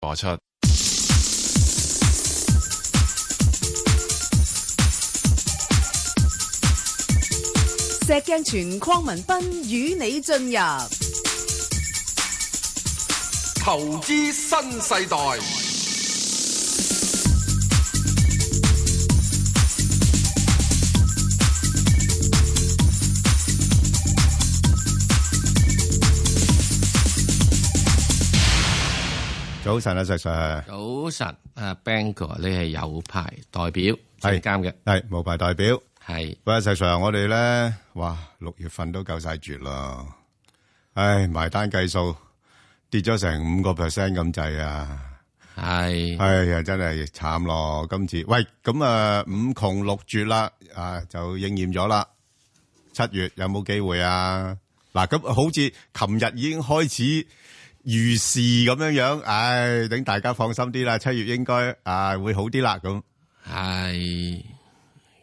播出石鏡泉、鄺文斌與你進入投資新世代。早晨啊，石 Sir。早晨啊，Bangor，你係有牌代表，係監嘅，係無牌代表，係。喂，石 Sir，我哋咧，哇，六月份都夠晒絕咯，唉，埋單計數跌咗成五個 percent 咁滯啊，係，係啊，真係慘咯，今次。喂，咁啊，五窮六絕啦，啊，就應驗咗啦。七月有冇機會啊？嗱，咁好似琴日已經開始。如是咁樣樣，唉，等大家放心啲啦。七月應該啊會好啲啦，咁係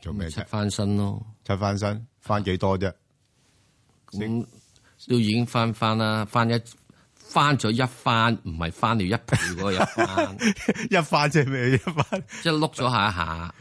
做咩啫？七唉翻身咯，七翻身，翻幾多啫？咁、啊、都已經翻翻啦，翻一翻咗一翻，唔係翻咗一倍一翻一翻即係咩？一翻即係碌咗下一下，啊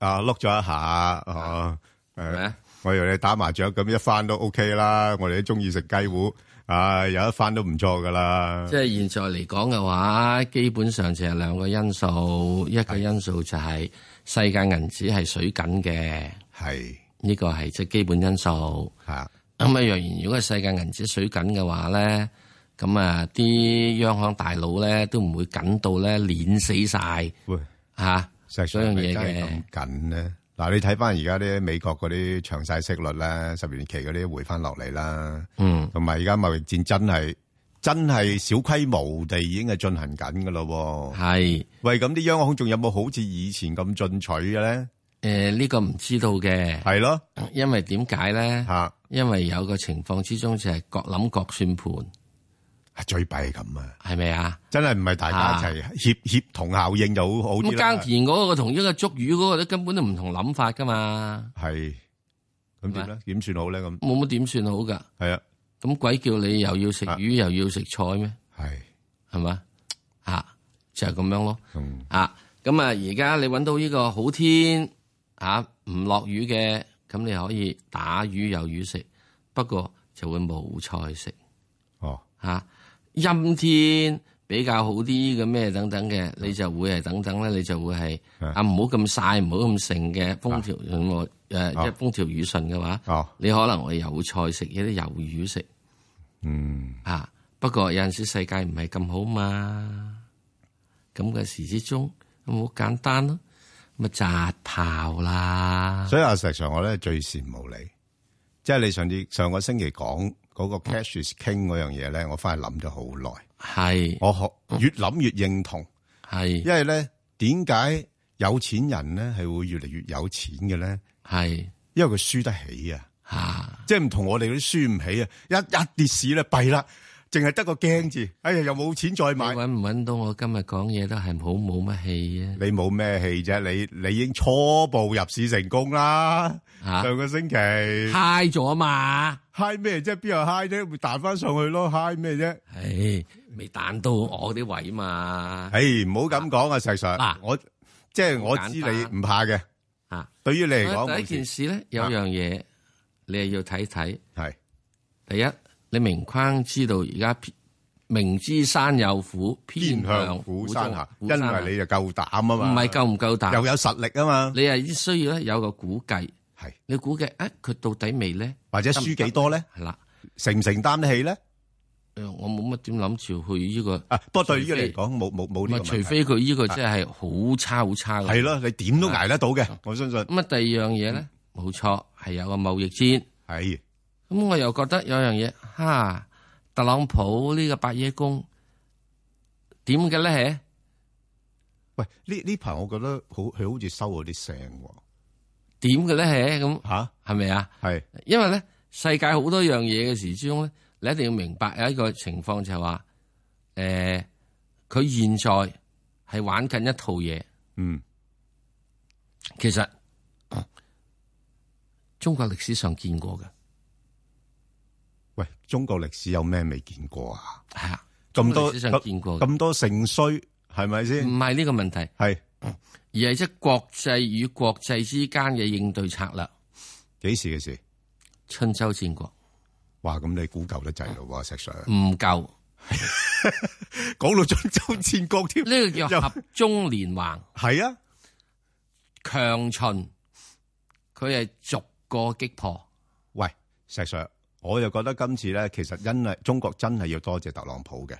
啊碌咗一下，哦係咪？我以為你打麻雀咁一翻都 OK 啦，我哋都中意食雞糊。嗯啊、哎，有一番都唔錯噶啦！即係現在嚟講嘅話，基本上就係兩個因素，一個因素就係世界銀紙係水緊嘅，係呢、這個係即係基本因素吓。咁啊，若然如果係世界銀紙水緊嘅話咧，咁啊啲央行大佬咧都唔會緊到咧碾死晒，吓所樣嘢嘅。啊嗱，你睇翻而家啲美國嗰啲詳細息率啦，十年期嗰啲回翻落嚟啦，嗯，同埋而家貿易戰真係真係小規模地已經係進行緊噶咯喎。係，喂，咁啲央行仲有冇好似以前咁進取嘅咧？誒、呃，呢、呢個唔知道嘅。係咯，因為點解咧？嚇，因為有個情況之中就係各諗各算盤。最弊咁啊，係咪啊？真係唔係大家一齊協、啊、同效應就好咁耕田嗰個同呢個捉魚嗰個根本都唔同諗法噶嘛。係咁點咧？點算好咧？咁冇乜點算好噶？係啊，咁鬼叫你又要食魚、啊、又要食菜咩？係係嘛？啊，就係、是、咁樣咯。嗯、啊，咁啊，而家你搵到呢個好天啊，唔落雨嘅，咁你可以打魚有魚食，不過就會冇菜食。哦，吓、啊。陰天比較好啲嘅咩等等嘅，你就會係等等咧，你就會係啊，唔好咁晒，唔好咁盛嘅風調、啊啊、雨落誒，即係風調雨順嘅話，你可能會有菜食，有啲魷魚食，嗯啊，不過有陣時世界唔係咁好嘛，咁嘅時之中，咁好簡單咯，咁啊扎頭啦。所以阿石常我咧最羨慕你，即係你上次上個星期講。嗰個 Cash is King 嗰樣嘢咧，我翻去諗咗好耐。係是，我學越諗越認同。係是，因為咧點解有錢人咧係會越嚟越有錢嘅咧？係是，因為佢輸得起啊。嚇、啊，即係唔同我哋嗰啲輸唔起啊！一一跌市咧，弊啦。淨係得個驚字，哎呀，又冇錢再買，搵唔搵到？我今日講嘢都係好冇乜氣啊！你冇咩氣啫？你你已經初步入市成功啦，上個星期，high 咗嘛？high 咩？即係邊度 high 啫？會彈翻上去咯？high 咩啫？係未彈到我啲位嘛？唉，唔好咁講啊！事實上，我即係我知你唔怕嘅啊。對於你嚟講，呢件事咧有樣嘢你係要睇睇，係第一。你明框知道而家明知山有虎，偏向虎山行，因為你就夠膽啊嘛，唔係夠唔夠膽，又有實力啊嘛，你係需要咧有個估計，係你估計，誒佢到底未咧，或者輸幾多咧，係啦，承唔承擔得起咧？誒，我冇乜點諗住去呢個，不過對於你嚟講，冇冇冇呢個問題。除非佢呢個真係好差好差，係咯，你點都挨得到嘅，我相信。咁啊，第二樣嘢咧，冇錯係有個貿易戰，係。咁我又覺得有樣嘢，哈，特朗普呢個白夜公點嘅咧？喂，呢呢排我覺得好，佢好似收咗啲聲喎。點嘅咧？係咁吓，係咪啊？係，因為咧，世界好多樣嘢嘅時之中咧，你一定要明白有一個情況就係話，誒、呃，佢現在係玩緊一套嘢。嗯，其實、啊、中國歷史上見過嘅。中國歷史有咩未見過啊？係啊，咁多咁多盛衰，係咪先？唔係呢個問題，係而係即係國際與國際之間嘅應對策略。幾時嘅事？春秋戰國。哇，咁你估夠得滯咯？石上。唔夠，講到春秋戰國添，呢個叫合中連橫。係啊，強秦，佢係逐個擊破。喂，石上。我就覺得今次咧，其實因為中國真係要多謝特朗普嘅。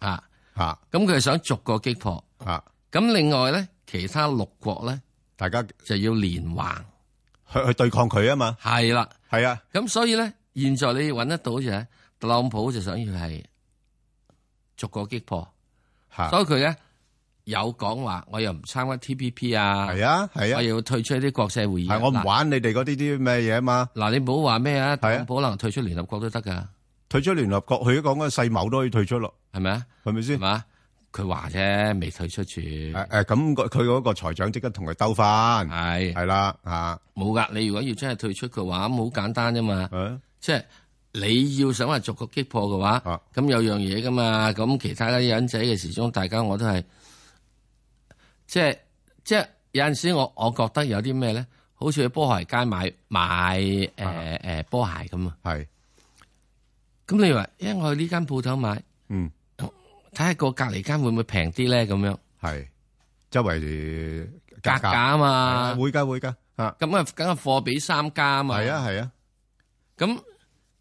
吓吓咁佢係想逐個擊破咁、啊、另外咧其他六國咧，大家就要連橫去去對抗佢啊嘛，係啦，係啊，咁所以咧，現在你要揾得到嘅特朗普就想要係逐個擊破，啊、所以佢咧。有講話，我又唔參加 TPP 啊！係啊，係啊，我又要退出一啲國際會議。係我唔玩你哋嗰啲啲咩嘢嘛？嗱，你唔好話咩啊？係可能退出聯合國都得噶，啊，退出聯合國，佢講個世貿都可以退出咯，係咪啊？係咪先？嘛，佢話啫，未退出住。誒誒，咁佢嗰個財長即刻同佢兜翻。係係啦，冇噶。你如果要真係退出嘅話，咁好簡單啫嘛，啊。即係你要想話逐個擊破嘅話，咁有樣嘢噶嘛。咁其他啲人仔嘅時中大家我都係。即係即係有陣時我我覺得有啲咩咧，好似去波，欸、波鞋街買買誒誒波鞋咁啊。係。咁你話，因、欸、為我去呢間鋪頭買，嗯，睇下個隔離間會唔會平啲咧？咁樣。係。周圍格價啊嘛，會噶會噶。吓，咁啊，梗係貨比三家啊嘛。係啊係啊。咁、啊、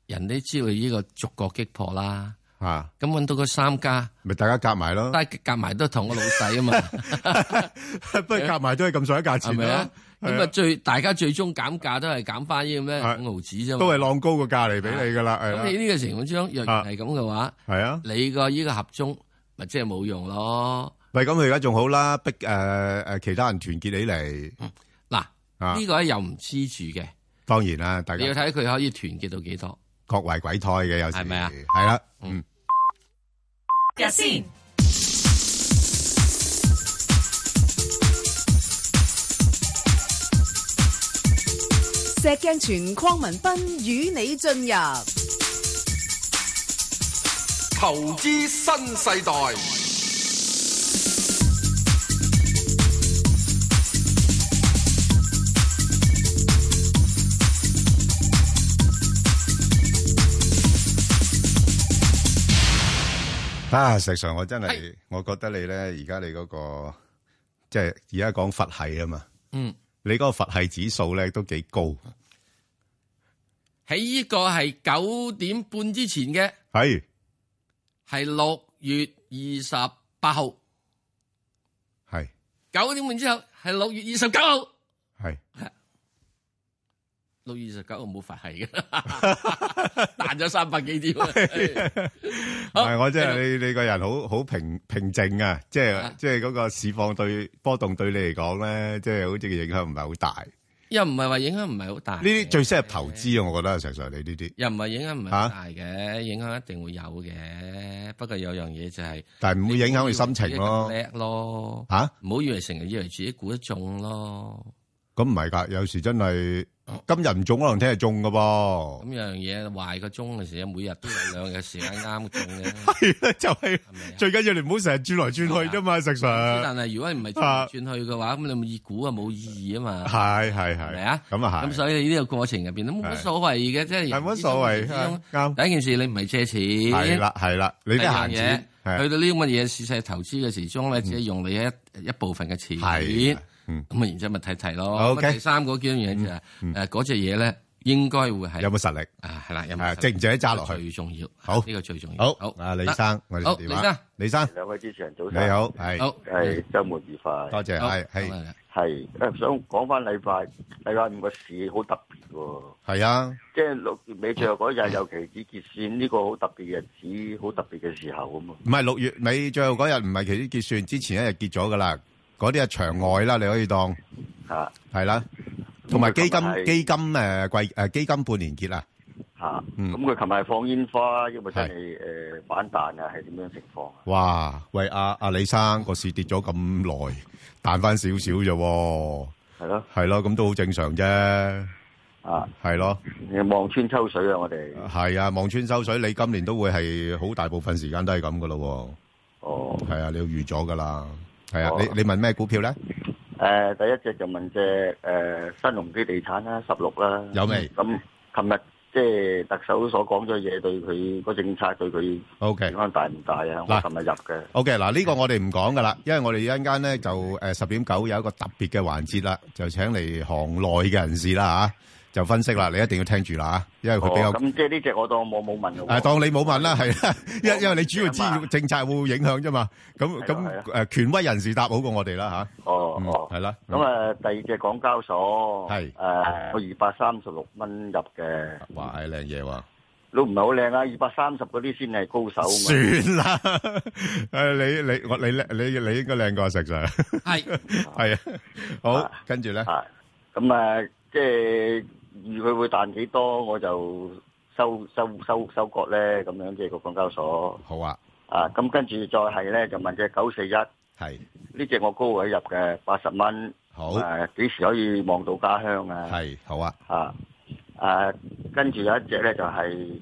人哋知道呢個逐個擊破啦。吓、啊，咁搵到個三家，咪大家夾埋咯。但係夾埋都同個老細啊嘛， 不過都係夾埋都係咁上下價錢咪啊。咁啊最大家最終減價都係減翻啲咩五毫子啫，都係浪高個價嚟俾你噶啦。咁、啊啊、你呢個情況之中、啊、若然係咁嘅話，係啊，你個呢個合中咪即係冇用咯。唔咁、啊，佢而家仲好啦，逼誒誒、呃、其他人團結起嚟。嗱、嗯，呢、啊啊這個又唔黐住嘅。當然啦，大家你要睇佢可以團結到幾多。各為鬼胎嘅有時，係咪啊？係啦，嗯。先、yes,，石鏡泉鄺文斌與你進入投資新世代。啊！實上我真係，我覺得你咧，而家，你嗰、嗰個即係而家講佛系啊嘛。嗯，你嗰個佛系指數咧都幾高。喺呢個係九點半之前嘅，係係六月二十八號，係九點半之後係六月二十九號，係。係六月二十九，我冇法發氣嘅，彈咗三百幾點？係我即係你，你個人好好平平靜啊！即係即係嗰個市況對波動對你嚟講咧，即、就、係、是、好似影響唔係好大。又唔係話影響唔係好大。呢啲最適合投資，我覺得，常常你呢啲。又唔係影響唔係大嘅，啊，影響一定會有嘅。不過有一樣嘢就係、是，但係唔會影響你心情咯，叻咯。吓，唔好以為成日以為自己估得、啊、中咯。咁唔係噶，有時真係今日唔中可能聽日中噶噃。咁樣嘢壞個鐘嘅時間，每日都有兩日時間啱中嘅。就係、係啊、最緊要你唔好成日轉來轉去啫嘛，食神。但係如果唔係轉來轉去嘅話，咁、啊、你咪估啊冇意義啊嘛。係係係，咪啊？咁啊咁所以呢個過程面入邊都冇乜所謂嘅，即係冇乜所謂。啱。第一件事你唔係借錢。係啦係啦，你得閒錢去到呢咁嘅嘢，事實投資嘅時鐘咧，只係用你一、嗯、一部分嘅錢。係、啊。咁啊，然之後咪睇睇咯。好，第三個結論就係，誒，嗰隻嘢咧應該會係有冇實力啊，係啦，有冇實力，值唔值揸落去最重要。好，呢個最重要。好，阿李生，我哋電話。好，李生，李生，兩位主持人早晨。你好，係係週末愉快，多謝，係係係。誒想，講翻禮拜禮拜五個市好特別喎。係啊，即係六月尾最後嗰日有期指結算呢個好特別嘅日子，好特別嘅時候啊嘛。唔係六月尾最後嗰日唔係期指結算之前一日結咗噶啦。嗰啲係場外啦，你可以當吓係啦，同埋基金基金誒季誒基金半年結啦吓，咁佢琴日放煙花，因為真係誒反彈啊，係點樣情況？哇！喂阿阿李生，個市跌咗咁耐，彈翻少少啫，係咯，係咯，咁都好正常啫，啊，係咯，望穿秋水啊，我哋係啊，望穿秋水，你今年都會係好大部分時間都係咁噶咯，哦，係啊，你要預咗噶啦。係啊，你你問咩股票咧？誒，第一隻就問隻誒新鴻基地產啦，十六啦。有未？咁琴日即係特首所講咗嘢，對佢個政策對佢，O K 可能大唔大啊？我，琴日入嘅。O K 嗱，呢個我哋唔講噶啦，因為我哋一陣間咧就誒十點九有一個特別嘅環節啦，就請嚟行內嘅人士啦吓就分析啦，你一定要聽住啦吓，因為佢比較咁，即係呢隻我當冇冇問嘅，誒，當你冇問啦，係啦，因因為你主要知政策會影響啫嘛，咁咁誒權威人士答好過我哋啦吓，哦，係啦，咁誒第二隻港交所係誒我二百三十六蚊入嘅。哇，係靚嘢喎，你唔係好靚啊，二百三十嗰啲先係高手，算啦，誒，你你我你咧你你應該靚過阿石 Sir，係係啊，好，跟住咧，咁誒即係。預佢會彈幾多，我就收收收收割咧，咁樣即係、這個公交所。好啊，啊，咁跟住再係咧，就問隻九四一。係，呢隻我高位入嘅八十蚊。好。幾、啊、時可以望到家鄉啊？係，好啊。嚇、啊，跟住有一隻咧就係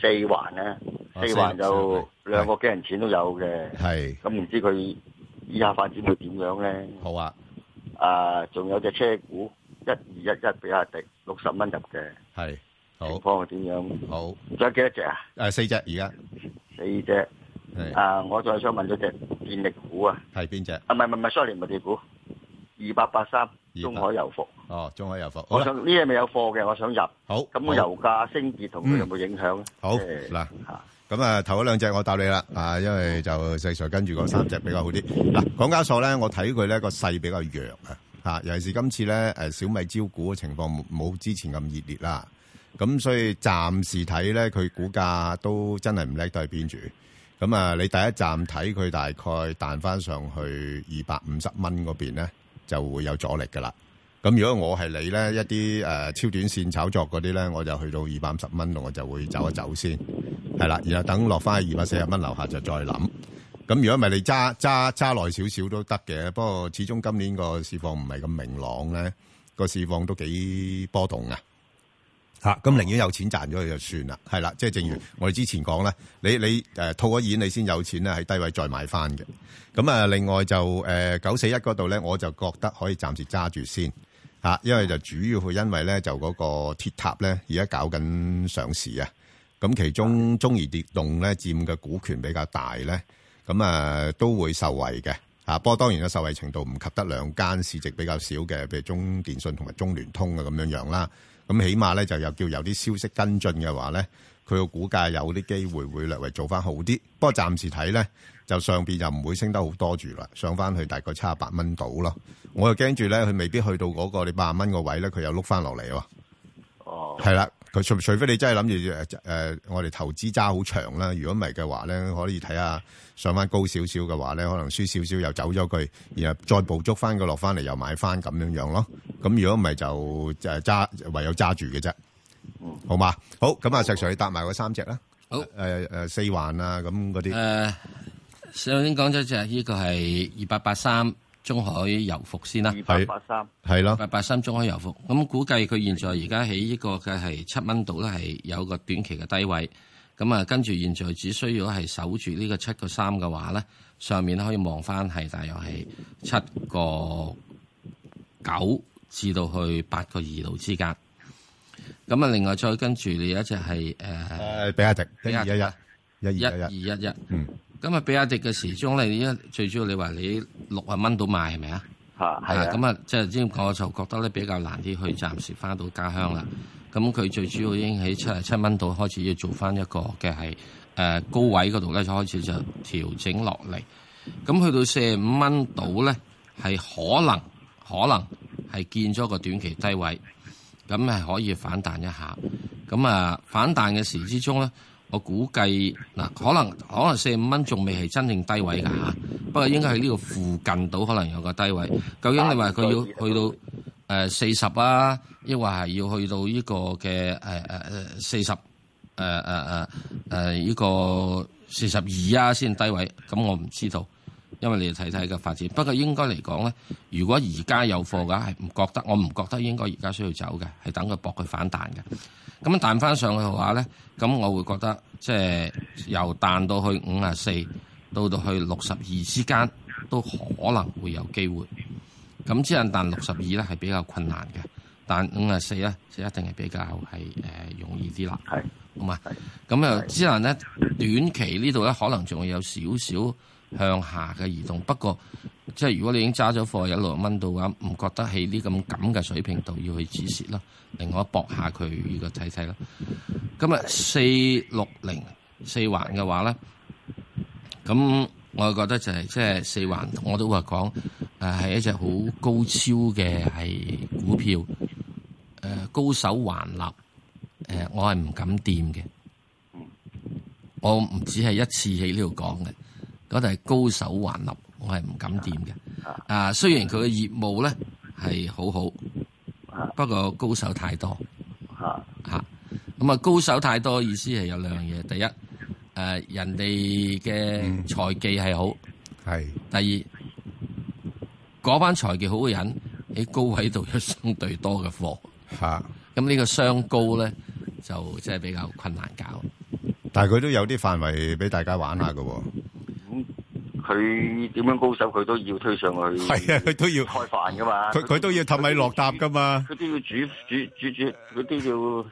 四環咧，四環、啊啊、四四就兩個幾銀錢都有嘅。係。咁唔、啊、知佢以下發展會點樣咧？好啊，啊，仲有隻車股。一二一一比亞迪六十蚊入嘅，係情況係點樣？好，仲有幾多隻啊？誒，四隻而家，四隻。誒，啊，我仲係想問嗰隻電力股啊，係邊隻？啊，唔係唔係，sorry，唔係地股，二八八三，中海油服。哦，中海油服，我想呢隻未有貨嘅，我想入。好，咁個油價升跌同佢有冇影響咧？好嗱吓，咁啊，頭嗰兩隻我答你啦，啊，因為就正常跟住嗰三隻比較好啲。嗱，港交所咧，我睇佢咧個勢比較弱啊。啊，尤其是今次咧，誒小米招股嘅情況冇之前咁熱烈啦，咁所以暫時睇咧，佢股價都真係唔叻對邊住。咁啊，你第一站睇佢大概彈翻上去二百五十蚊嗰邊咧，就會有阻力嘅啦。咁如果我係你咧，一啲誒超短線炒作嗰啲咧，我就去到二百五十蚊，我就會走一走先，係啦，然後等落翻去二百四十蚊樓下就再諗，咁如果唔係，你揸揸揸耐少少都得嘅。不過始終今年個市況唔係咁明朗咧，個市況都幾波動啊。吓，咁，寧願有錢賺咗佢就算啦。係、啊、啦，即係、就是、正如我哋之前講咧，你你誒套咗現，你先有錢咧，喺低位再買翻嘅。咁啊，另外就誒九四一嗰度咧，呃、我就覺得可以暫時揸住先吓，因為就主要佢因為咧就嗰個鐵塔咧而家搞緊上市啊。咁其中中移跌動咧，佔嘅股權比較大咧。咁、嗯、啊，都會受惠嘅，啊，不過當然嘅受惠程度唔及得兩間市值比較少嘅，譬如中電信同埋中聯通啊，咁樣樣啦。咁起碼咧就又叫有啲消息跟進嘅話咧，佢個股價有啲機會會略為做翻好啲。不過暫時睇咧，就上邊就唔會升得好多住啦，上翻去大概七十八蚊度咯。我又驚住咧，佢未必去到嗰個你八十蚊個位咧，佢又碌翻落嚟喎。哦，係啦。除除非你真係諗住誒我哋投資揸好長啦。如果唔係嘅話咧，可以睇下上翻高少少嘅話咧，可能輸少少又走咗佢，然後再捕捉翻佢落翻嚟又買翻咁樣樣咯。咁如果唔係就誒揸、呃、唯有揸住嘅啫，好嘛？好咁、呃呃、啊，石 Sir，你搭埋嗰三隻啦。好四環啊咁嗰啲。誒，上先講咗隻呢個係二八八三。中海油服先啦、啊，係八三，係咯，八八三中海油服。咁估計佢現在而家喺呢個嘅係七蚊度咧，係有一個短期嘅低位。咁啊，跟住現在只需要係守住呢個七個三嘅話咧，上面可以望翻係大約係七個九至到去八個二度之間。咁啊，另外再跟住你有一隻係誒、呃，比亞迪，比亞迪一二一一，一二一一，嗯。咁啊，比亞迪嘅時鐘咧，你一最主要你話你六啊蚊度賣係咪啊？吓，係。咁啊，即係點我就覺得咧比較難啲，去暫時翻到家鄉啦。咁、嗯、佢最主要已經喺七十七蚊度開始要做翻一個嘅係、呃、高位嗰度咧，就開始就調整落嚟。咁去到四啊五蚊度咧，係可能可能係見咗個短期低位，咁係可以反彈一下。咁啊、呃，反彈嘅時之中咧。我估計嗱，可能可能四五蚊仲未係真正低位㗎嚇，不過應該喺呢個附近到，可能有個低位。究竟你話佢要去到誒四十啊，抑或係要去到呢個嘅誒誒誒四十誒誒誒誒呢個四十二啊先低位？咁我唔知道，因為你要睇睇嘅發展。不過應該嚟講咧，如果而家有貨嘅係唔覺得，我唔覺得應該而家需要走嘅，係等佢博佢反彈嘅。咁彈翻上去嘅話咧，咁我會覺得即係由彈到去五十四，到到去六十二之間都可能會有機會。咁只能彈六十二咧係比較困難嘅，但五十四咧就一定係比較係誒、呃、容易啲啦。係，好嘛？咁啊，只能咧短期呢度咧可能仲會有少少，向下嘅移動，不過即係如果你已經揸咗貨有六蚊度嘅話，唔覺得喺呢咁咁嘅水平度要去止蝕啦，另外一搏一下佢個睇睇啦。今日四六零四環嘅話咧，咁我覺得就係、是、即係四環，我都話講係一隻好高超嘅股票，呃、高手橫立，我係唔敢掂嘅，我唔止係一次喺呢度講嘅。嗰度係高手橫立，我係唔敢掂嘅。啊，雖然佢嘅業務咧係好好，不過高手太多。咁啊高手太多意思係有兩樣嘢。第一，誒、啊、人哋嘅財技係好、嗯。第二，嗰班財技好嘅人喺高位度有相對多嘅貨。咁、啊、呢個雙高咧，就即係比較困難搞。但佢都有啲範圍俾大家玩下㗎喎。佢點樣高手，佢都要推上去。係啊，佢都要開飯噶嘛。佢佢都要氹你落搭噶嘛。佢都要煮煮煮煮，佢都要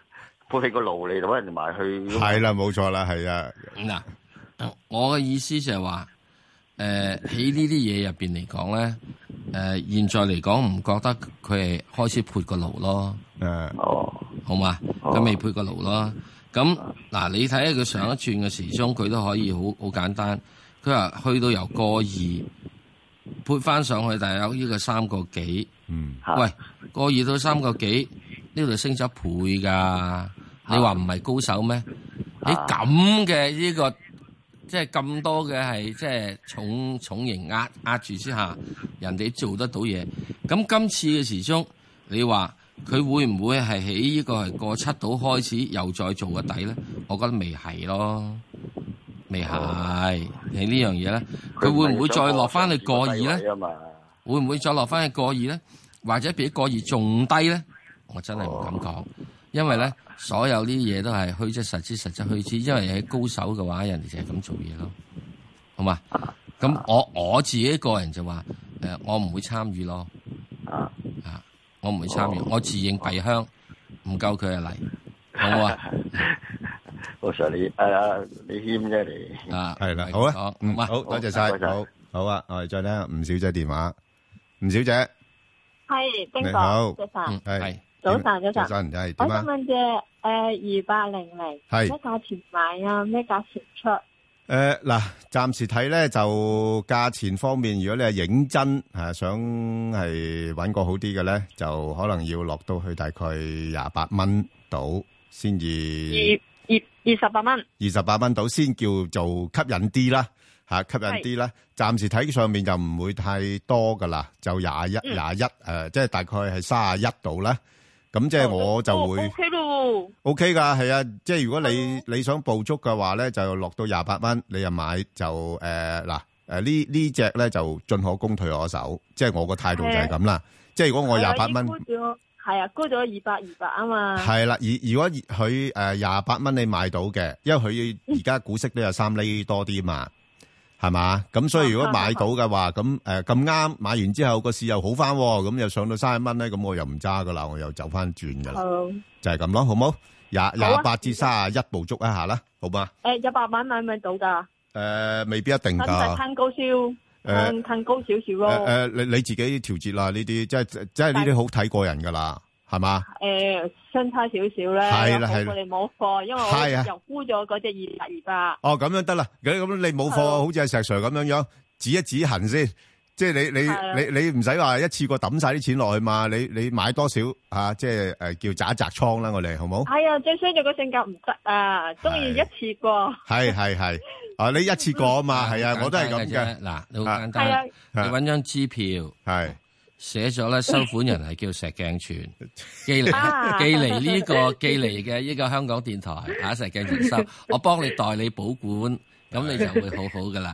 配起個爐嚟，同人哋埋去。係啦，冇錯啦，係啊。嗱、啊嗯，我嘅意思就係話，誒、呃、喺呢啲嘢入邊嚟講咧，誒、呃、現在嚟講唔覺得佢係開始配個爐咯。誒、嗯、哦、oh.，好嘛，咁未配個爐咯。咁嗱、呃，你睇下佢上一轉嘅時鐘，佢都可以好好簡單。佢話去到由個二撥翻上去大，大約呢個三個幾。嗯，喂，個二到三個幾，呢度升咗一倍㗎、啊。你話唔係高手咩、啊？你咁嘅呢個，即係咁多嘅係即係重重型壓壓住之下，人哋做得到嘢。咁今次嘅時鐘，你話佢會唔會係喺呢個係個七度開始又再做個底咧？我覺得未係咯。係，你，、哦、你呢樣嘢咧，佢不會唔會再落翻去過二咧？哦、會唔會再落翻去過二咧？或者比過二仲低咧？我真係唔敢講、哦，因為咧所有啲嘢都係虛則實之，實則虛之。因為喺高手嘅話，人哋就係咁做嘢咯。好嘛？咁、啊、我我自己個人就話，誒、呃，我唔會參與咯。啊啊，我唔會參與，哦、我自認閉香，唔夠佢嚟，好唔好啊？ 我想你誒，阿李謙啫，你，你啊係啦，好啊，唔、啊嗯、好，好，好多謝晒，好，好啊，我哋再聽下吳小姐電話。吳小姐係，你好，早、嗯、晨，係早晨，早晨、啊，我想問隻誒二八零零係咩價錢買啊？咩價錢出誒、啊？嗱、呃，暫時睇咧就價錢方面，如果你係認真誒、啊，想係揾個好啲嘅咧，就可能要落到去大概廿八蚊到先至。二十八蚊，二十八蚊到先叫做吸引啲啦，吓吸引啲啦。暫時睇上面就唔會太多噶啦，就廿一廿一，誒、呃，即係大概係卅一度啦。咁即係我就會、哦哦、，ok 咯、哦、，ok 噶，係啊。即係如果你你想捕捉嘅話咧，就落到廿八蚊，你又買就誒嗱誒呢呢隻咧就進可攻退可守，即係我個態度就係咁啦。即係如果我廿八蚊。哎係啊，高咗二百二百啊嘛。係啦，如如果佢誒廿八蚊你買到嘅，因為佢而家股息都有三厘多啲嘛，係嘛？咁所以如果買到嘅話，咁誒咁啱買完之後個市又好翻喎，咁又上到卅蚊咧，咁我又唔揸噶啦，我又走翻轉噶啦，就係咁咯，好冇？廿廿八至卅一捕捉一下啦，好嘛？誒，一百萬買唔買到噶？誒，未必一定噶。唔係探高燒。嗯、更高少少咯。誒、呃、你、呃呃、你自己調節啦，呢啲即係即係呢啲好睇個人噶啦，係嘛？誒、呃，相差少少咧。係啦係。我哋冇貨，因為我又沽咗嗰隻二百二八。哦，咁樣得啦。咁咁你冇貨、啊，好似阿石 Sir 咁樣樣，指一指痕先。即係你你你你唔使話一次過抌晒啲錢落去嘛，你你買多少啊？即係誒叫紮一紮倉啦，我哋好冇？係啊，紮紮好好哎，呀最衰就個性格唔得啊，中意一次過。係係係， 啊你一次過啊嘛？係啊，我都係咁嘅。嗱，啊，你好簡單，啊啊，你搵張支票，係寫咗咧，收款人係叫石鏡泉， 寄嚟，這個，寄嚟呢個寄嚟嘅呢個香港電台啊，石鏡泉收，我幫你代理保管，咁你就會好好噶啦。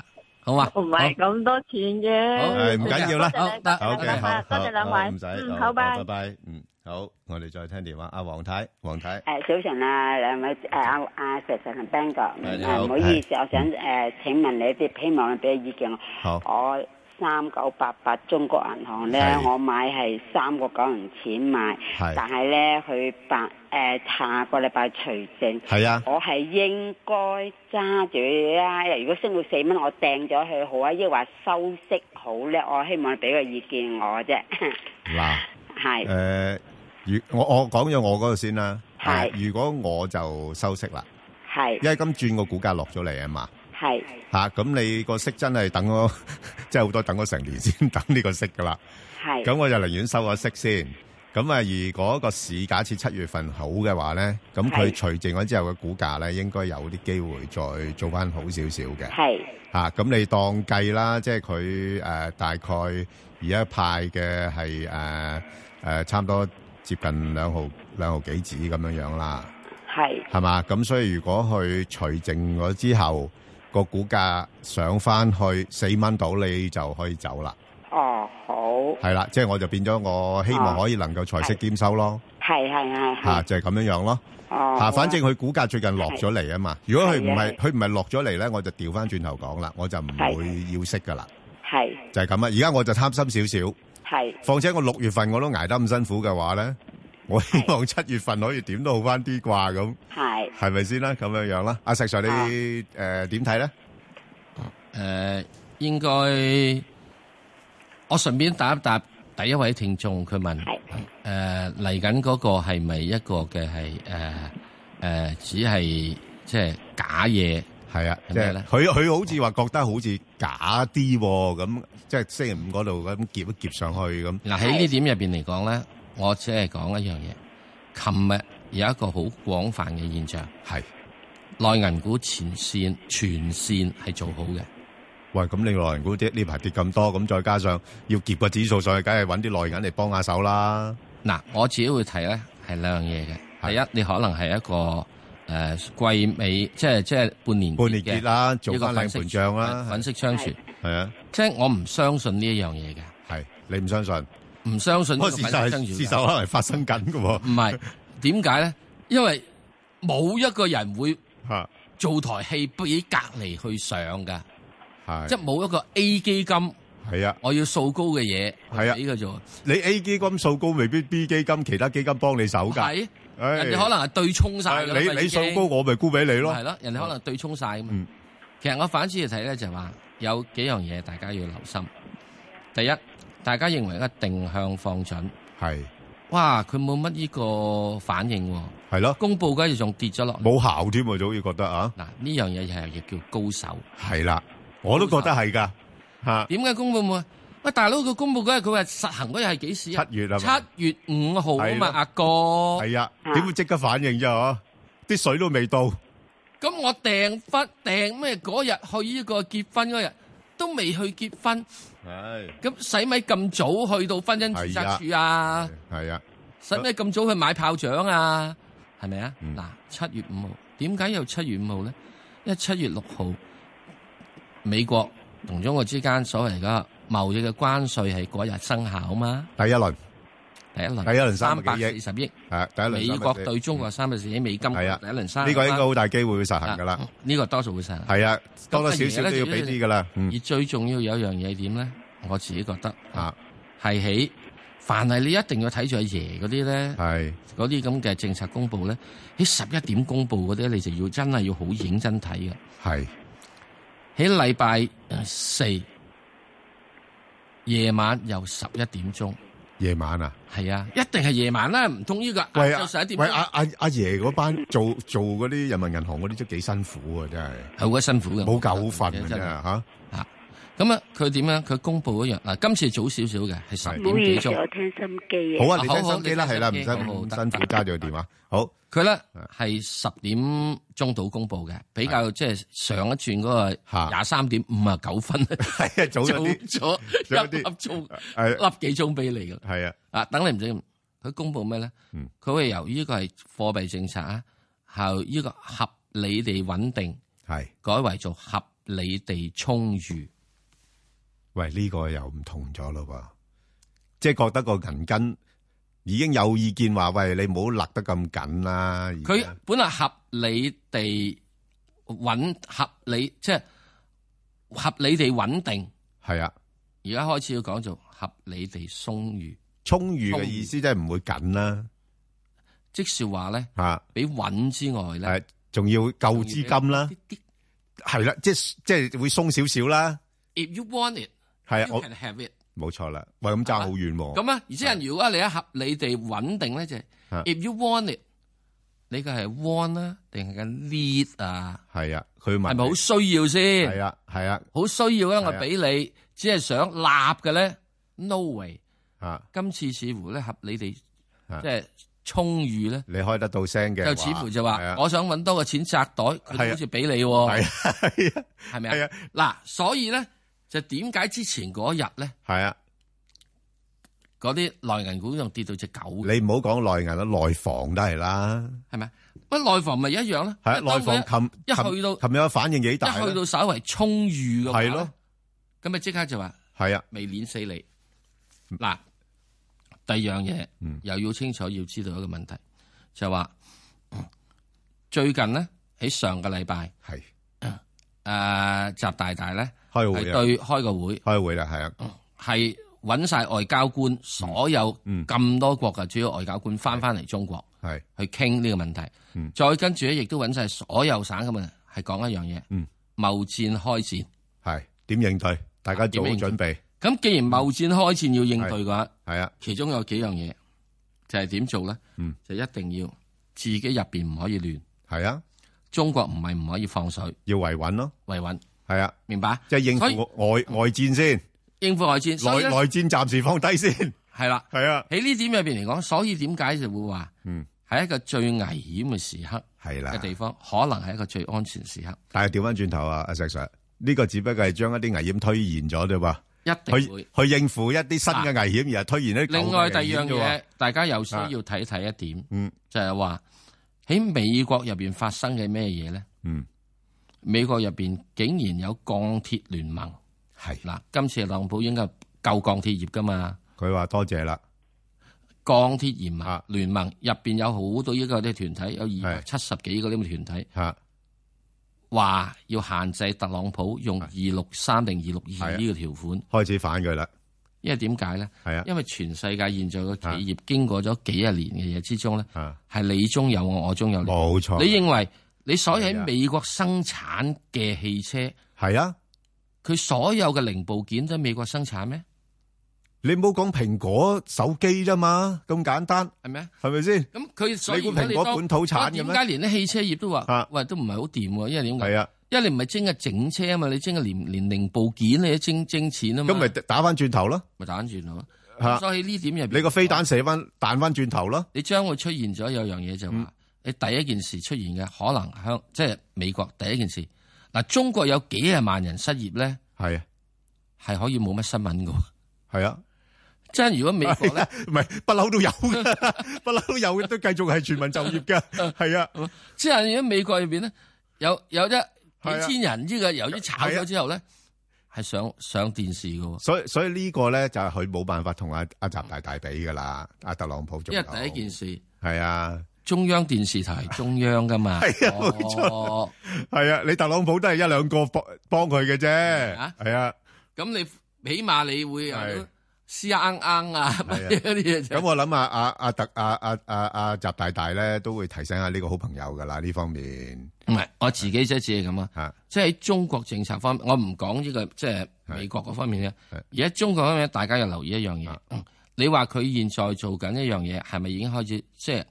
唔係咁多錢嘅，唔緊要啦，得，好嘅，好，多謝兩位，唔使，嗯，好拜，拜拜，嗯，好，我哋再聽電話，阿黃太，黃太，誒，早晨啊，兩位，誒阿阿石石同 Ben 哥，唔好意思，我想誒，請問你一啲，希望你俾個意見我，好，我三九八八中國銀行咧，我買係三個九銀錢買，但係咧佢八。誒，下個禮拜除淨係啊，我係應該揸住啦。如果升到四蚊，我掟咗佢好啊，抑或收息好咧？我希望你俾個意見我啫。嗱，係誒，如我我講咗我嗰度先啦。係，如果我就收息啦。係，因為今轉個股價落咗嚟啊嘛。係，吓咁你個息真係等咗，即係好多等咗成年先等呢個息噶啦。係，咁我就寧願收個息先。咁啊，如果個市假設七月份好嘅話咧，咁佢除淨咗之後嘅股價咧，應該有啲機會再做翻好少少嘅。係，啊，咁你當計啦，即係佢誒，大概而家派嘅係誒誒，差唔多接近兩毫兩毫幾子咁樣樣啦。係，係嘛？咁所以如果佢除淨咗之後個股價上翻去四蚊到，你就可以走啦。哦，好。係啦，即係我就變咗，我希望可以能夠財色兼收咯。係係係吓就係咁樣樣咯。吓、哦，反正佢股價最近落咗嚟啊嘛。如果佢唔係佢唔係落咗嚟咧，我就調翻轉頭講啦，我就唔會要息噶啦。係就係咁啊！而家我就貪心少少。係。況且我六月份我都捱得咁辛苦嘅話咧，我希望七月份可以點都好翻啲啩咁。係。係咪先啦？咁樣樣啦。阿石 Sir、呃、你誒點睇咧？誒、呃呃，應該。我順便答一答第一位聽眾，佢問：誒嚟緊嗰個係咪一個嘅係誒只係即係假嘢？係啊，即係佢佢好似話覺得好似假啲喎，咁即係星期五嗰度咁夾一夾上去咁。嗱喺呢點入面嚟講咧，我只係講一樣嘢。琴日有一個好廣泛嘅現象係內銀股前線全線係做好嘅。喂，咁你內銀股跌呢排跌咁多，咁再加上要結個指數上去，梗係揾啲內銀嚟幫下手啦。嗱，我自己會睇咧，係兩樣嘢嘅。第一，你可能係一個誒季尾，即係即係半年半年結啦，做翻靚盤賬啦，粉飾櫥窗，係啊。即係我唔相信呢一樣嘢嘅。係你唔相信？唔相信？事實係事實，可能發生緊㗎喎。唔係點解咧？因為冇一個人會做台戲俾隔離去上噶。即係冇一個 A 基金，係啊，我要掃高嘅嘢，係啊，依個啫。你 A 基金掃高，未必 B 基金其他基金幫你手噶，係，人哋可能係對沖晒。你你掃高，我咪沽俾你咯。係咯，人哋可能對沖晒啊嘛。其實我反思嚟睇咧，就係話有幾樣嘢大家要留心。第一，大家認為一個定向放準，係哇，佢冇乜呢個反應，係咯，公布跟住仲跌咗落，冇效添啊，好似覺得啊，嗱呢樣嘢又係亦叫高手，係啦。我都覺得係噶，吓點解公布冇？喂大佬，佢公布嗰日佢話實行嗰日係幾時啊？七月啊，七月五號啊嘛，阿哥係呀，點會即刻反應啫？嗬，啲水都未到。咁我訂婚訂咩嗰日去呢個結婚嗰日都未去結婚。係咁使咪咁早去到婚姻註冊處啊？係啊，使咪咁早去買炮仗啊？係咪啊？嗱，七月五號，點解又七月五號咧？因為七月六號。美國同中國之間所謂嘅貿易嘅關稅係嗰日生效嘛。第一輪？第一輪，第一輪，第一輪三百四十億，係、啊、第一輪。美國對中國三百四十億美金，係啊，第一輪三呢個應該好大機會會實行噶啦，呢、啊這個多數會實行。係啊、嗯這個，啊，多多少少都要俾啲噶啦。嗯。而最重要有一樣嘢點咧？我自己覺得啊，係喺凡係你一定要睇住阿爺嗰啲咧，係嗰啲咁嘅政策公布咧，喺十一點公布嗰啲，你就要真係要好認真睇嘅。係。喺禮拜四夜晚又十一點鐘，夜晚啊，係啊，一定係夜晚啦、啊，唔通呢個十一點？喂阿阿阿爺嗰班做做嗰啲人民銀行嗰啲都幾辛苦啊，真係好鬼辛苦嘅，冇狗瞓、啊、真係吓。啊咁啊！佢點樣佢公佈一樣嗱，今次早少少嘅，係十點幾鐘。唔好心機好啊，你聽心機啦，係啦，唔使好得。新加咗電話，好佢咧係十點鐘到公布嘅，比較即係上一轉嗰個廿三點五啊九分，係啊，早咗啲，早一粒、嗯、鐘，粒幾鐘俾你㗎。係啊，啊等你唔使佢公布咩咧？佢會由呢個係貨幣政策啊，後依個合理地穩定係改為做合理地充裕。喂，呢、這個又唔同咗咯，即係覺得個銀根已經有意見話，喂，你唔好勒得咁緊啦。佢本嚟，合理地穩，合理即係合理地穩定。係啊，而家開始要講做合理地充裕，充裕嘅意思即係唔會緊啦、啊。即是話咧，吓、啊、比穩之外咧，仲要夠資金啦，係啦、啊，即係即係會鬆少少啦。If you want it。係、啊、我冇錯啦，喂，咁爭好遠喎。咁啊，而即係如果你一合你地穩定咧、啊，就係、if you want it，你嘅係 want 啊，定係個 need 啊？係啊，佢問係咪好需要先？係啊，係啊，好需要啊。我俾你。只係想立嘅咧，no way 啊！今次似乎咧合你地即係充裕咧、啊，你開得到聲嘅就似乎就話、啊、我想揾多個錢扎袋，佢好似俾你係係係啊，係咪啊？嗱、啊啊啊啊啊，所以咧。就點解之前嗰日咧？係啊，嗰啲內銀股仲跌到隻狗。你唔好講內銀啦，內房都係啦。係咪？不內房咪一樣啦，係啊，內房琴一、啊、一,一去到琴日嘅反應幾大。一去到稍為充裕嘅話，咁咪即刻就話。係啊，未捻死你。嗱、嗯，第二樣嘢又要清楚要知道一個問題，就係話最近呢，喺上個禮拜係誒習大大咧。開會對開個會，開會啦，係啊，係揾晒外交官，嗯、所有咁多國嘅、嗯、主要外交官翻翻嚟中國，係去傾呢個問題，嗯，再跟住咧，亦都揾晒所有省咁啊，係講一樣嘢，嗯，貿戰開戰，係點應對？大家做好準備？咁、啊、既然貿戰開戰要應對嘅話，係啊，其中有幾樣嘢就係、是、點做咧？嗯，就一定要自己入邊唔可以亂，係啊，中國唔係唔可以放水，要維穩咯，維穩。係啊，明白、啊，即係應付外外,外戰先，應付外戰，內內戰暫時放低先，係啦，係啊。喺呢點入邊嚟講，所以、啊啊、點解就會話，嗯，係一個最危險嘅時刻，係啦嘅地方，是啊、可能係一個最安全的時刻。但係調翻轉頭啊，阿石石，呢個只不過係將一啲危險推延咗啫嘛，一定會去,去應付一啲新嘅危險、啊，而係推延一啲。另外第二樣嘢、啊，大家有時要睇睇一點是、啊，嗯，就係話喺美國入邊發生嘅咩嘢咧，嗯。美國入邊竟然有鋼鐵聯盟，係嗱，今次特朗普應該救鋼鐵業噶嘛？佢話多謝啦，鋼鐵聯盟入邊有好多依家啲團體，有二百七十幾個呢啲團體，話要限制特朗普用二六三定二六二呢個條款，開始反佢啦。因為點解咧？係啊，因為全世界現在嘅企業經過咗幾廿年嘅嘢之中咧，係你中有我，我中有你，冇錯。你認為？你所有喺美國生產嘅汽車係啊，佢所有嘅零部件都喺美國生產咩？你唔好講蘋果手機啫嘛，咁簡單係咩？係咪先？咁佢所以你估蘋果本土產嘅咩？點解連啲汽車業都話喂、啊，都唔係好掂喎，因為點解？啊，因為你唔係蒸嘅整車啊嘛，你蒸嘅連連零部件你都精精錢啊嘛。咁咪打翻轉頭咯？咪打翻轉咯？所以呢點入你個飛彈射翻彈翻轉頭咯？你將會出現咗有樣嘢就話、是。嗯你第一件事出現嘅可能香即係美國第一件事，嗱，中國有幾廿萬人失業咧，係係、啊、可以冇乜新聞嘅，係啊！即係如果美國咧，唔係、啊、不嬲都有嘅，不 嬲都有嘅都繼續係全民就業嘅，係 啊！即係如果美國入面咧，有有一幾千人呢個、啊、由於炒咗之後咧，係、啊啊、上上電視嘅，所以所以呢個呢個咧就佢冇辦法同阿阿習大大比嘅啦，阿特朗普做因為第一件事係啊。中央電視台中央㗎嘛，係 啊，冇、哦、錯，係 啊。你特朗普都係一兩個幫幫佢嘅啫，係啊。咁你、啊嗯嗯嗯、起碼你會是啊，撕硬硬啊，咁樣啲嘢。咁我諗下阿阿特阿阿阿阿習大大咧都會提醒下呢個好朋友㗎啦呢方面。唔係我自己即係係咁啊，即係喺中國政策方面。我唔講呢個即係、就是、美國嗰方面咧。而家、啊啊、中國方面，大家又留意一樣嘢、啊，你話佢現在做緊一樣嘢，係咪已經開始即係？就是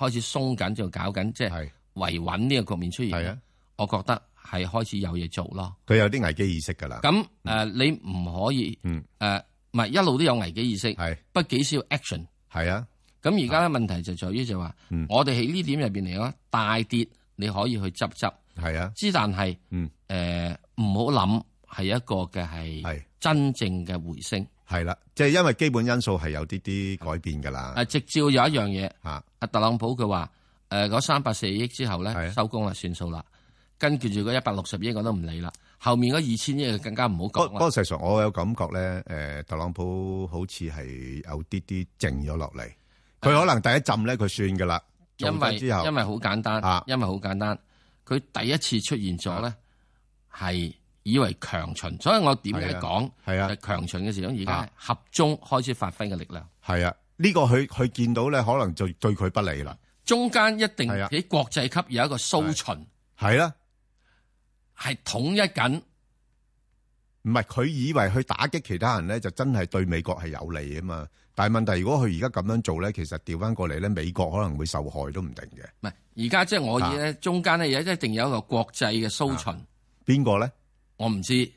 開始鬆緊就搞緊，即係維穩呢個局面出現。係啊、我覺得係開始有嘢做咯。佢有啲危機意識㗎啦。咁、嗯呃、你唔可以誒，唔、呃、一路都有危機意識，嗯、不幾少 action。啊。咁而家問題就在於就話、嗯，我哋喺呢點入面嚟講，大跌你可以去執執。係啊。之但係唔好諗係一個嘅係真正嘅回升。係啦，即係因為基本因素係有啲啲改變噶啦。啊，直照有一樣嘢，啊，阿特朗普佢話，誒，嗰三百四億之後咧，收工啦，算數啦，跟住住嗰一百六十億我都唔理啦，後面嗰二千億更加唔好講。不過事實上，我有感覺咧，誒、呃，特朗普好似係有啲啲靜咗落嚟。佢可能第一浸咧，佢算噶啦，因為因為好簡單，因為好簡單，佢第一次出現咗咧係。是以為強秦，所以我點嚟講係啊，強、啊、秦嘅時候。而家合中開始發揮嘅力量係啊，呢、這個佢佢見到咧，可能就對佢不利啦。中間一定喺國際級有一個蘇秦係啊係、啊、統一緊，唔係佢以為去打擊其他人咧，就真係對美國係有利啊嘛。但係問題，如果佢而家咁樣做咧，其實掉返過嚟咧，美國可能會受害都唔定嘅。唔係而家即係我以咧、啊，中間咧有一定有一個國際嘅蘇秦邊個咧？我唔知，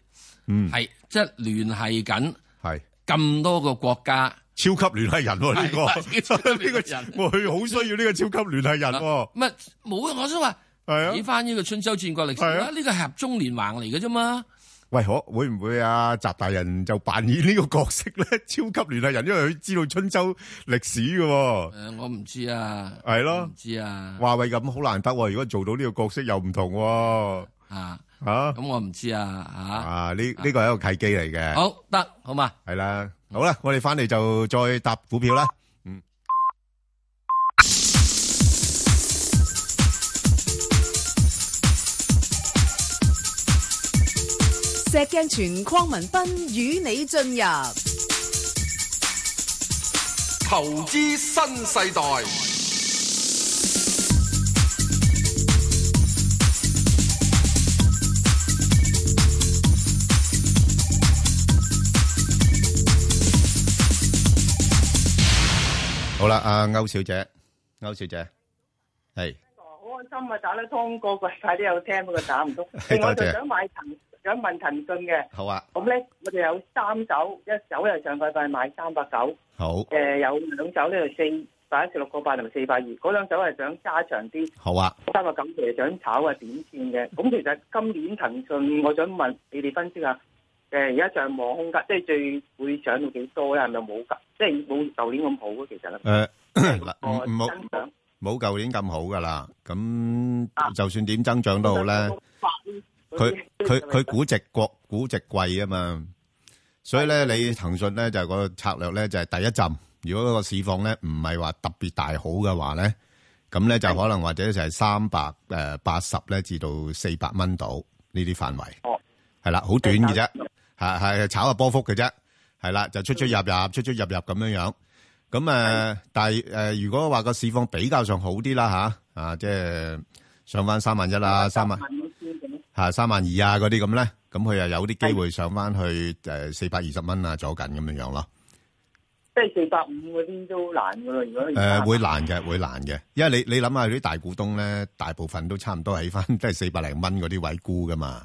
嗯係即係聯繫緊，係咁，就是，多個國家，超級聯繫人呢個呢個人，佢好需要呢個超級聯繫人、啊。唔係冇，我想話睇翻呢個春秋戰國歷史啦，呢個、啊、合縱連橫嚟嘅啫嘛。喂，可會唔會啊？習大人就扮演呢個角色咧？超級聯繫人，因為佢知道春秋歷史嘅、啊。誒、呃，我唔知啊，係咯，唔知啊。華為咁好難得、啊，如果做到呢個角色又唔同啊。啊好，咁我唔知啊，吓、啊，啊呢呢個係一個契機嚟嘅，好得，好嘛，係啦，好啦，我哋返嚟就再搭股票啦，嗯，石鏡泉框文斌與你進入投資新世代。好啦，阿歐小姐，歐小姐，係，好開心啊，打得通過嘅，快啲有聽嘅，打唔通，我就想買騰，想問騰訊嘅，好啊，咁咧我哋有三手，一手又上季份買三百九，好，誒有兩手咧就四百一十六個八同埋四百二，嗰兩手係想加長啲，好啊，三百九想炒嘅短線嘅，咁其實今年騰訊，我想問你哋分析下。誒，而家上網空間即係最會漲到幾多咧？係咪冇即係冇舊年咁好啊？其實誒，唔唔冇增長冇舊年咁好噶啦。咁就算點增長都好咧，佢佢佢估值國估值貴啊嘛，所以咧你騰訊咧就個策略咧就係第一站。如果個市況咧唔係話特別大好嘅話咧，咁咧就可能或者就係三百誒八十咧至到四百蚊度呢啲範圍，係啦，好短嘅啫。係、啊、係炒下波幅嘅啫，係啦，就出出入入、出出入入咁樣樣。咁誒、呃，但係誒、呃，如果話個市況比較上好啲啦吓，啊，即係上翻三萬一啦，三萬，吓三萬二啊嗰啲咁咧，咁佢又有啲機會上翻去誒四百二十蚊啊，左近咁樣樣咯。即係四百五嗰啲都難噶啦，如果誒會難嘅、呃，會難嘅，因為你你諗下啲大股東咧，大部分都差唔多喺翻即係四百零蚊嗰啲位估噶嘛。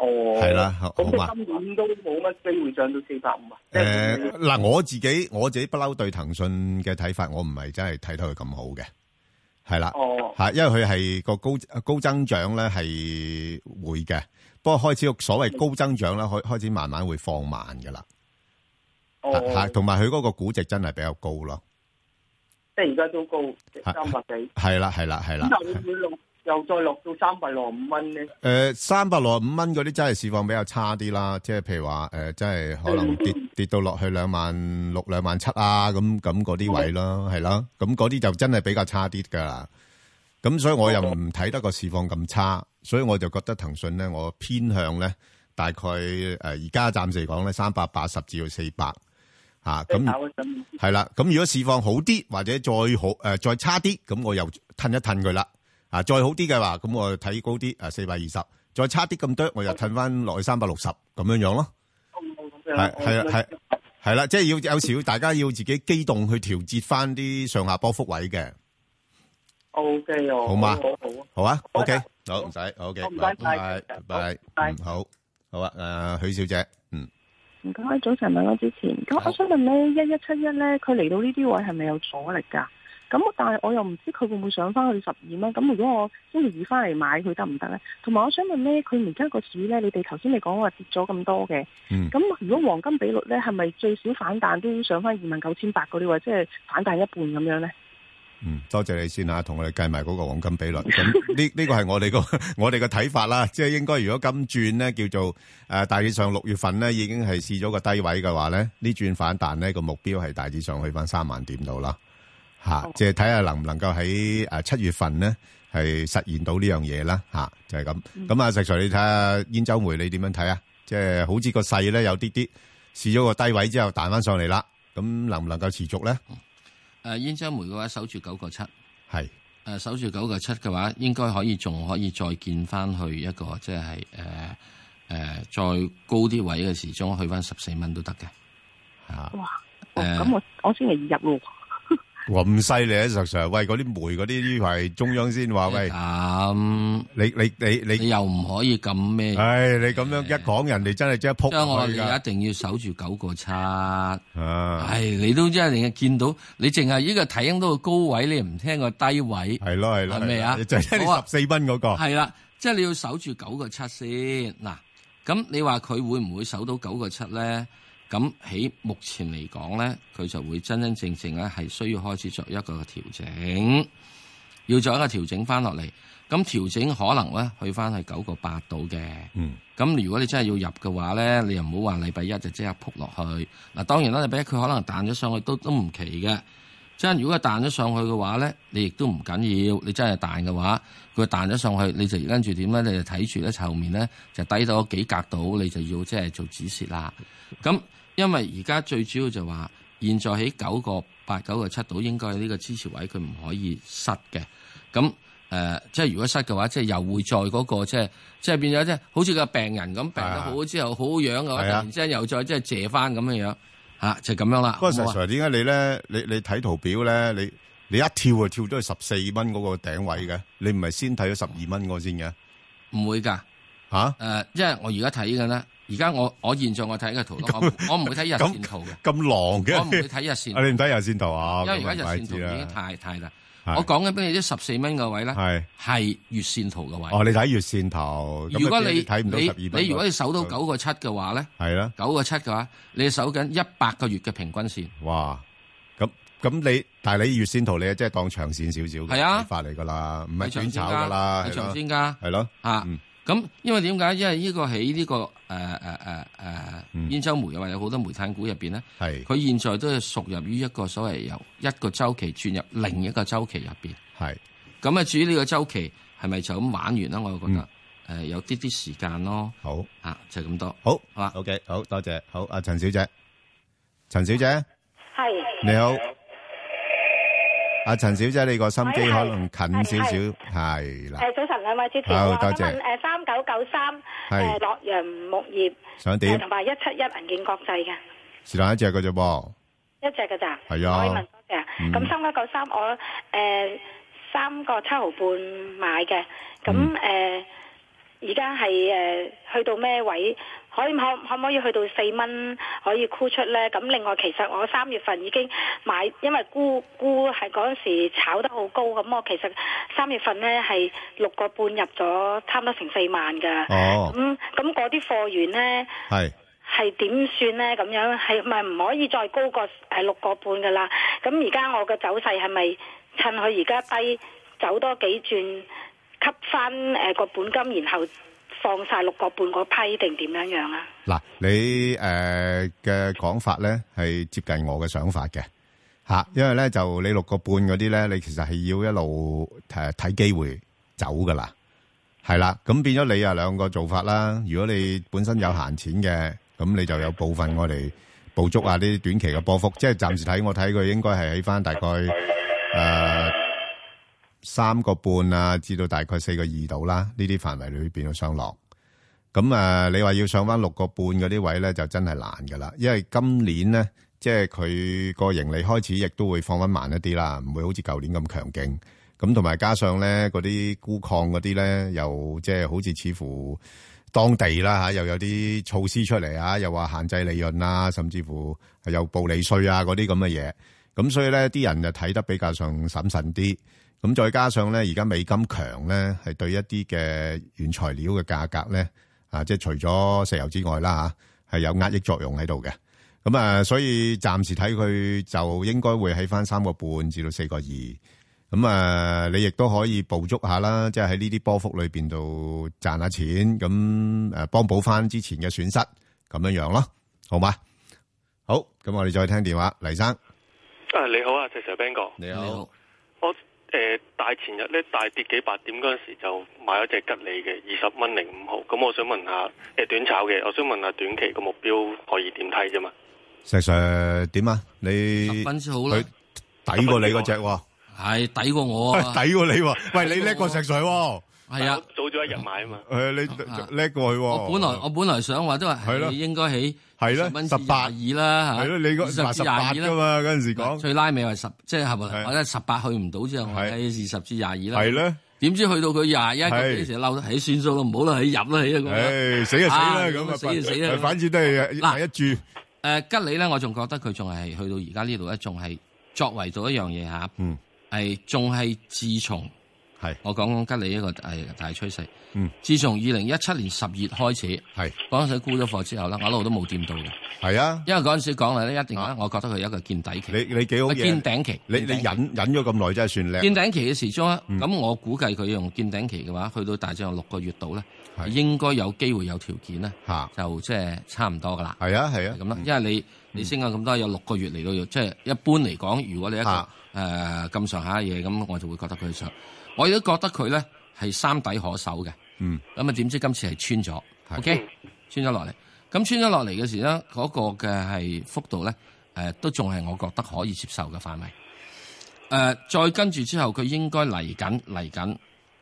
哦，係啦，今年都冇乜機會上到四百五啊？誒，嗱，我自己我自己不嬲對騰訊嘅睇法，我唔係真係睇到佢咁好嘅，係啦，嚇、哦，因為佢係個高高增長咧係會嘅，不過開始所謂高增長咧，開開始慢慢會放慢㗎啦，嚇、哦，同埋佢嗰個估值真係比較高咯，即係而家都高三百幾，係啦係啦係啦。又再落到三百六十五蚊咧。誒、呃，三百六十五蚊嗰啲真係市況比較差啲啦。即係譬如話誒、呃，真係可能跌跌到落去兩萬六、兩萬七啊，咁咁嗰啲位咯，係啦。咁嗰啲就真係比較差啲噶。咁所以我又唔睇得個市況咁差，所以我就覺得騰訊咧，我的偏向咧大概誒而家暫時嚟講咧三百八十至到四百嚇，咁係啦。咁如果市況好啲或者再好誒、呃、再差啲，咁我又褪一褪佢啦。啊，再好啲嘅話，咁我睇高啲，誒、啊，四百二十，再差啲咁多，okay. 我就褪翻落去三百六十咁樣樣咯。係係係係啦，即係要有時要大家要自己機動去調節翻啲上下波幅位嘅。O K，好嘛？好、oh, 啊，好好啊。O K，好唔使，O K，拜拜拜拜，好，好啊。誒，許小姐，嗯，唔該，早晨。問我之前，咁我想問咧，一一七一咧，佢嚟到呢啲位係咪有阻力噶？咁但係我又唔知佢會唔會上翻去十二蚊。咁如果我星期二翻嚟買佢得唔得咧？同埋我想問咧，佢而家個市咧，你哋頭先你講話跌咗咁多嘅，咁、嗯、如果黃金比率咧，係咪最少反彈都要上翻二萬九千八嗰啲喎？即係反彈一半咁樣咧？嗯，多謝你先啊，同我哋計埋嗰個黃金比率。咁呢呢個係我哋個我哋個睇法啦。 即係應該如果今轉咧叫做誒、呃、大致上六月份咧已經係試咗個低位嘅話咧，呢轉反彈咧個目標係大致上去翻三萬點到啦。吓、啊，即係睇下能唔能夠喺誒七月份咧，係實現到呢樣嘢啦。吓、啊，就係、是、咁。咁、嗯、啊，石 Sir，你睇下煙洲煤，你點樣睇啊？即、就、係、是、好似個勢咧有啲啲試咗個低位之後彈翻上嚟啦。咁能唔能夠持續咧？誒、啊，煙洲煤嘅話守住九個七，係誒、啊、守住九個七嘅話，應該可以仲可以再見翻去一個即係誒誒再高啲位嘅時候去翻十四蚊都得嘅。哇！咁、哦呃、我我星期二入喎。咁犀利啊！Sir 喂，嗰啲煤嗰啲，依排中央先話喂，咁你你你你又唔可以咁咩？唉，你咁樣一講，人哋真係即刻撲街噶。所以我哋一定要守住九個七。啊，係你都真係見到，你淨係依個睇到個高位，你唔聽個低位。係咯係咯，係咪啊？你就聽十四蚊嗰個。係啦，即係你要守住九個七先。嗱，咁你話佢會唔會守到九個七咧？咁喺目前嚟講咧，佢就會真真正正咧係需要開始作一個調整，要做一個調整翻落嚟。咁調整可能咧去翻係九個八度嘅。嗯。咁如果你真係要入嘅話咧，你又唔好話禮拜一就即刻撲落去。嗱、啊，當然啦，禮拜一佢可能彈咗上去都都唔奇嘅。即係如果佢彈咗上去嘅話咧，你亦都唔緊要。你真係彈嘅話，佢彈咗上去，你就跟住點咧？你就睇住咧，後面咧就低到幾格度，你就要即係做止蝕啦。咁、嗯。因為而家最主要就話，現在喺九個八九個七度，應該呢個支持位佢唔可以塞嘅。咁誒、呃，即係如果塞嘅話，即係又會再嗰、那個，即係即係變咗即係，好似個病人咁病得好之後、哎、好樣嘅話，突然之間又再、啊、即係借翻咁樣樣吓，就咁、是、樣啦。嗰個純粹係點解你咧？你你睇圖表咧？你你一跳就跳咗去十四蚊嗰個頂位嘅？你唔係先睇咗十二蚊嗰先嘅？唔會噶吓？誒、啊呃，因為我而家睇緊咧。而家我我現在我睇個圖，我我唔會睇日線圖嘅。咁狼嘅，我唔會睇日線。你唔睇日線圖啊？ 因為而家日線圖已經太太啦。我講緊畀你啲十四蚊嘅位咧，係月線圖嘅位。哦，你睇月線圖。如果你睇唔到十二，你，你，你如果你守到九個七嘅話咧，係啦，九個七嘅話，你守緊一百個月嘅平均線。哇！咁咁你，但係你月線圖你即係當長線少少嘅，係啊，發嚟噶啦，唔係短炒噶啦，係長線噶，係咯，嚇。咁，因為點解？因為呢個喺呢、這個誒誒誒誒，煙、呃呃呃、州煤又或有好多煤炭股入邊咧，係、嗯、佢現在都係屬入於一個所謂由一個周期轉入另一個周期入邊，係咁啊。至於呢個周期係咪就咁玩完啦？我啊覺得誒、嗯呃、有啲啲時間咯。好啊，就咁多。好，好嘛。O、okay, K，好多謝。好，阿、啊、陳小姐，陳小姐，係你好。阿陳小姐，你個心機可能近少少，係啦。誒，早晨兩位主持人，問誒三九九三，誒洛陽鉬業，想點？同埋一七一銀建國際嘅，是但一隻嘅啫噃，一隻嘅咋？係啊，可以問多謝。咁三九九三，我誒三個七毫半買嘅，咁誒。而家係誒去到咩位？可以可可唔可以去到四蚊可以沽出呢？咁另外其實我三月份已經買，因為沽沽係嗰陣時炒得好高咁，咁我其實三月份呢係六個半入咗，差唔多成四萬㗎。哦，咁咁嗰啲貨源呢係係點算呢？咁樣係咪唔可以再高過誒六個半㗎啦？咁而家我嘅走勢係咪趁佢而家低走多幾轉？吸翻誒個本金，然後放曬六個半嗰批，定點樣樣啊？嗱，你誒嘅講法咧，係接近我嘅想法嘅嚇，因為咧就你六個半嗰啲咧，你其實係要一路誒睇機會走噶啦，係啦。咁變咗你有兩個做法啦。如果你本身有閒錢嘅，咁你就有部分我哋捕捉下啲短期嘅波幅，即係暫時睇我睇佢應該係起翻大概誒，三個半啊，至到大概四個二度啦。呢啲範圍裏邊嘅上落咁啊，你話要上翻六個半嗰啲位咧，就真係難噶啦。因為今年咧，即係佢個盈利開始亦都會放翻慢一啲啦，唔會好似舊年咁強勁。咁同埋加上咧，嗰啲沽礦嗰啲咧，又即係好似似乎當地啦吓，又有啲措施出嚟啊，又話限制利潤啦，甚至乎係有暴利稅啊嗰啲咁嘅嘢。咁所以咧，啲人就睇得比較上審慎啲。咁再加上咧，而家美金強咧，係對一啲嘅原材料嘅價格咧，啊，即係除咗石油之外啦，吓係有壓抑作用喺度嘅。咁啊，所以暫時睇佢就應該會喺翻三個半至到四個二。咁啊，你亦都可以捕捉下啦，即係喺呢啲波幅裏邊度賺下錢，咁誒幫補翻之前嘅損失咁樣樣咯，好嘛？好，咁我哋再聽電話，黎生。啊，你好啊，謝 Sir Ben 哥，你好，謝謝 S1, 誒、呃，大前日咧，大跌幾百點嗰陣時就買咗隻吉利嘅二十蚊零五毫。咁我想問下，誒、呃、短炒嘅，我想問下短期嘅目標可以點睇啫嘛？石 Sir 點啊？你十蚊先好啦，佢抵過你嗰隻喎。係抵過我抵、啊、過 你喎、啊，喂你叻過石 Sir 喎、哦。 係啊，我早咗一日買啊嘛。係啊，你叻過佢。我本來我本來想話，即係你應該喺係啦，十蚊至廿二啦，係啦、啊，你嗰十至廿二噶嘛？嗰陣時講最拉尾係十，即係係咪？或者十八去唔到之後，我係二十至廿二啦。係咧、啊，點知去到佢廿一幾時，嬲得、啊、起算數咯，唔好啦，起入啦，起咁、啊啊那個啊啊啊、樣。死就、啊、死啦，咁死就死啦。反正都係嘅。啊、一注誒、啊，吉利咧，我仲覺得佢仲係去到而家呢度，一仲係作為到一樣嘢吓。嗯，係仲係自從。係，我講講吉利一個係大趨勢。嗯，自從二零一七年十月開始，係嗰陣時沽咗貨之後啦，我一路都冇掂到嘅。係啊，因為嗰陣時講咧一定咧、啊，我覺得佢係一個見底期。你你幾好嘅？見頂期，你期你,期你,你忍忍咗咁耐，真係算叻。見頂期嘅時鐘咧，咁、嗯、我估計佢用見頂期嘅話，去到大致有六個月度咧、啊，應該有機會有條件咧、啊，就即係差唔多噶啦。係啊係啊，咁啦、啊就是啊啊，因為你你升咗咁多、嗯，有六個月嚟到要，即係一般嚟講，如果你一個誒咁上下嘅嘢，咁、啊呃、我就會覺得佢上。我都覺得佢咧係三底可守嘅，嗯，咁啊點知今次係穿咗，OK，穿咗落嚟，咁穿咗落嚟嘅時咧，嗰、那個嘅係幅度咧、呃，都仲係我覺得可以接受嘅範圍。誒、呃，再跟住之後，佢應該嚟緊嚟緊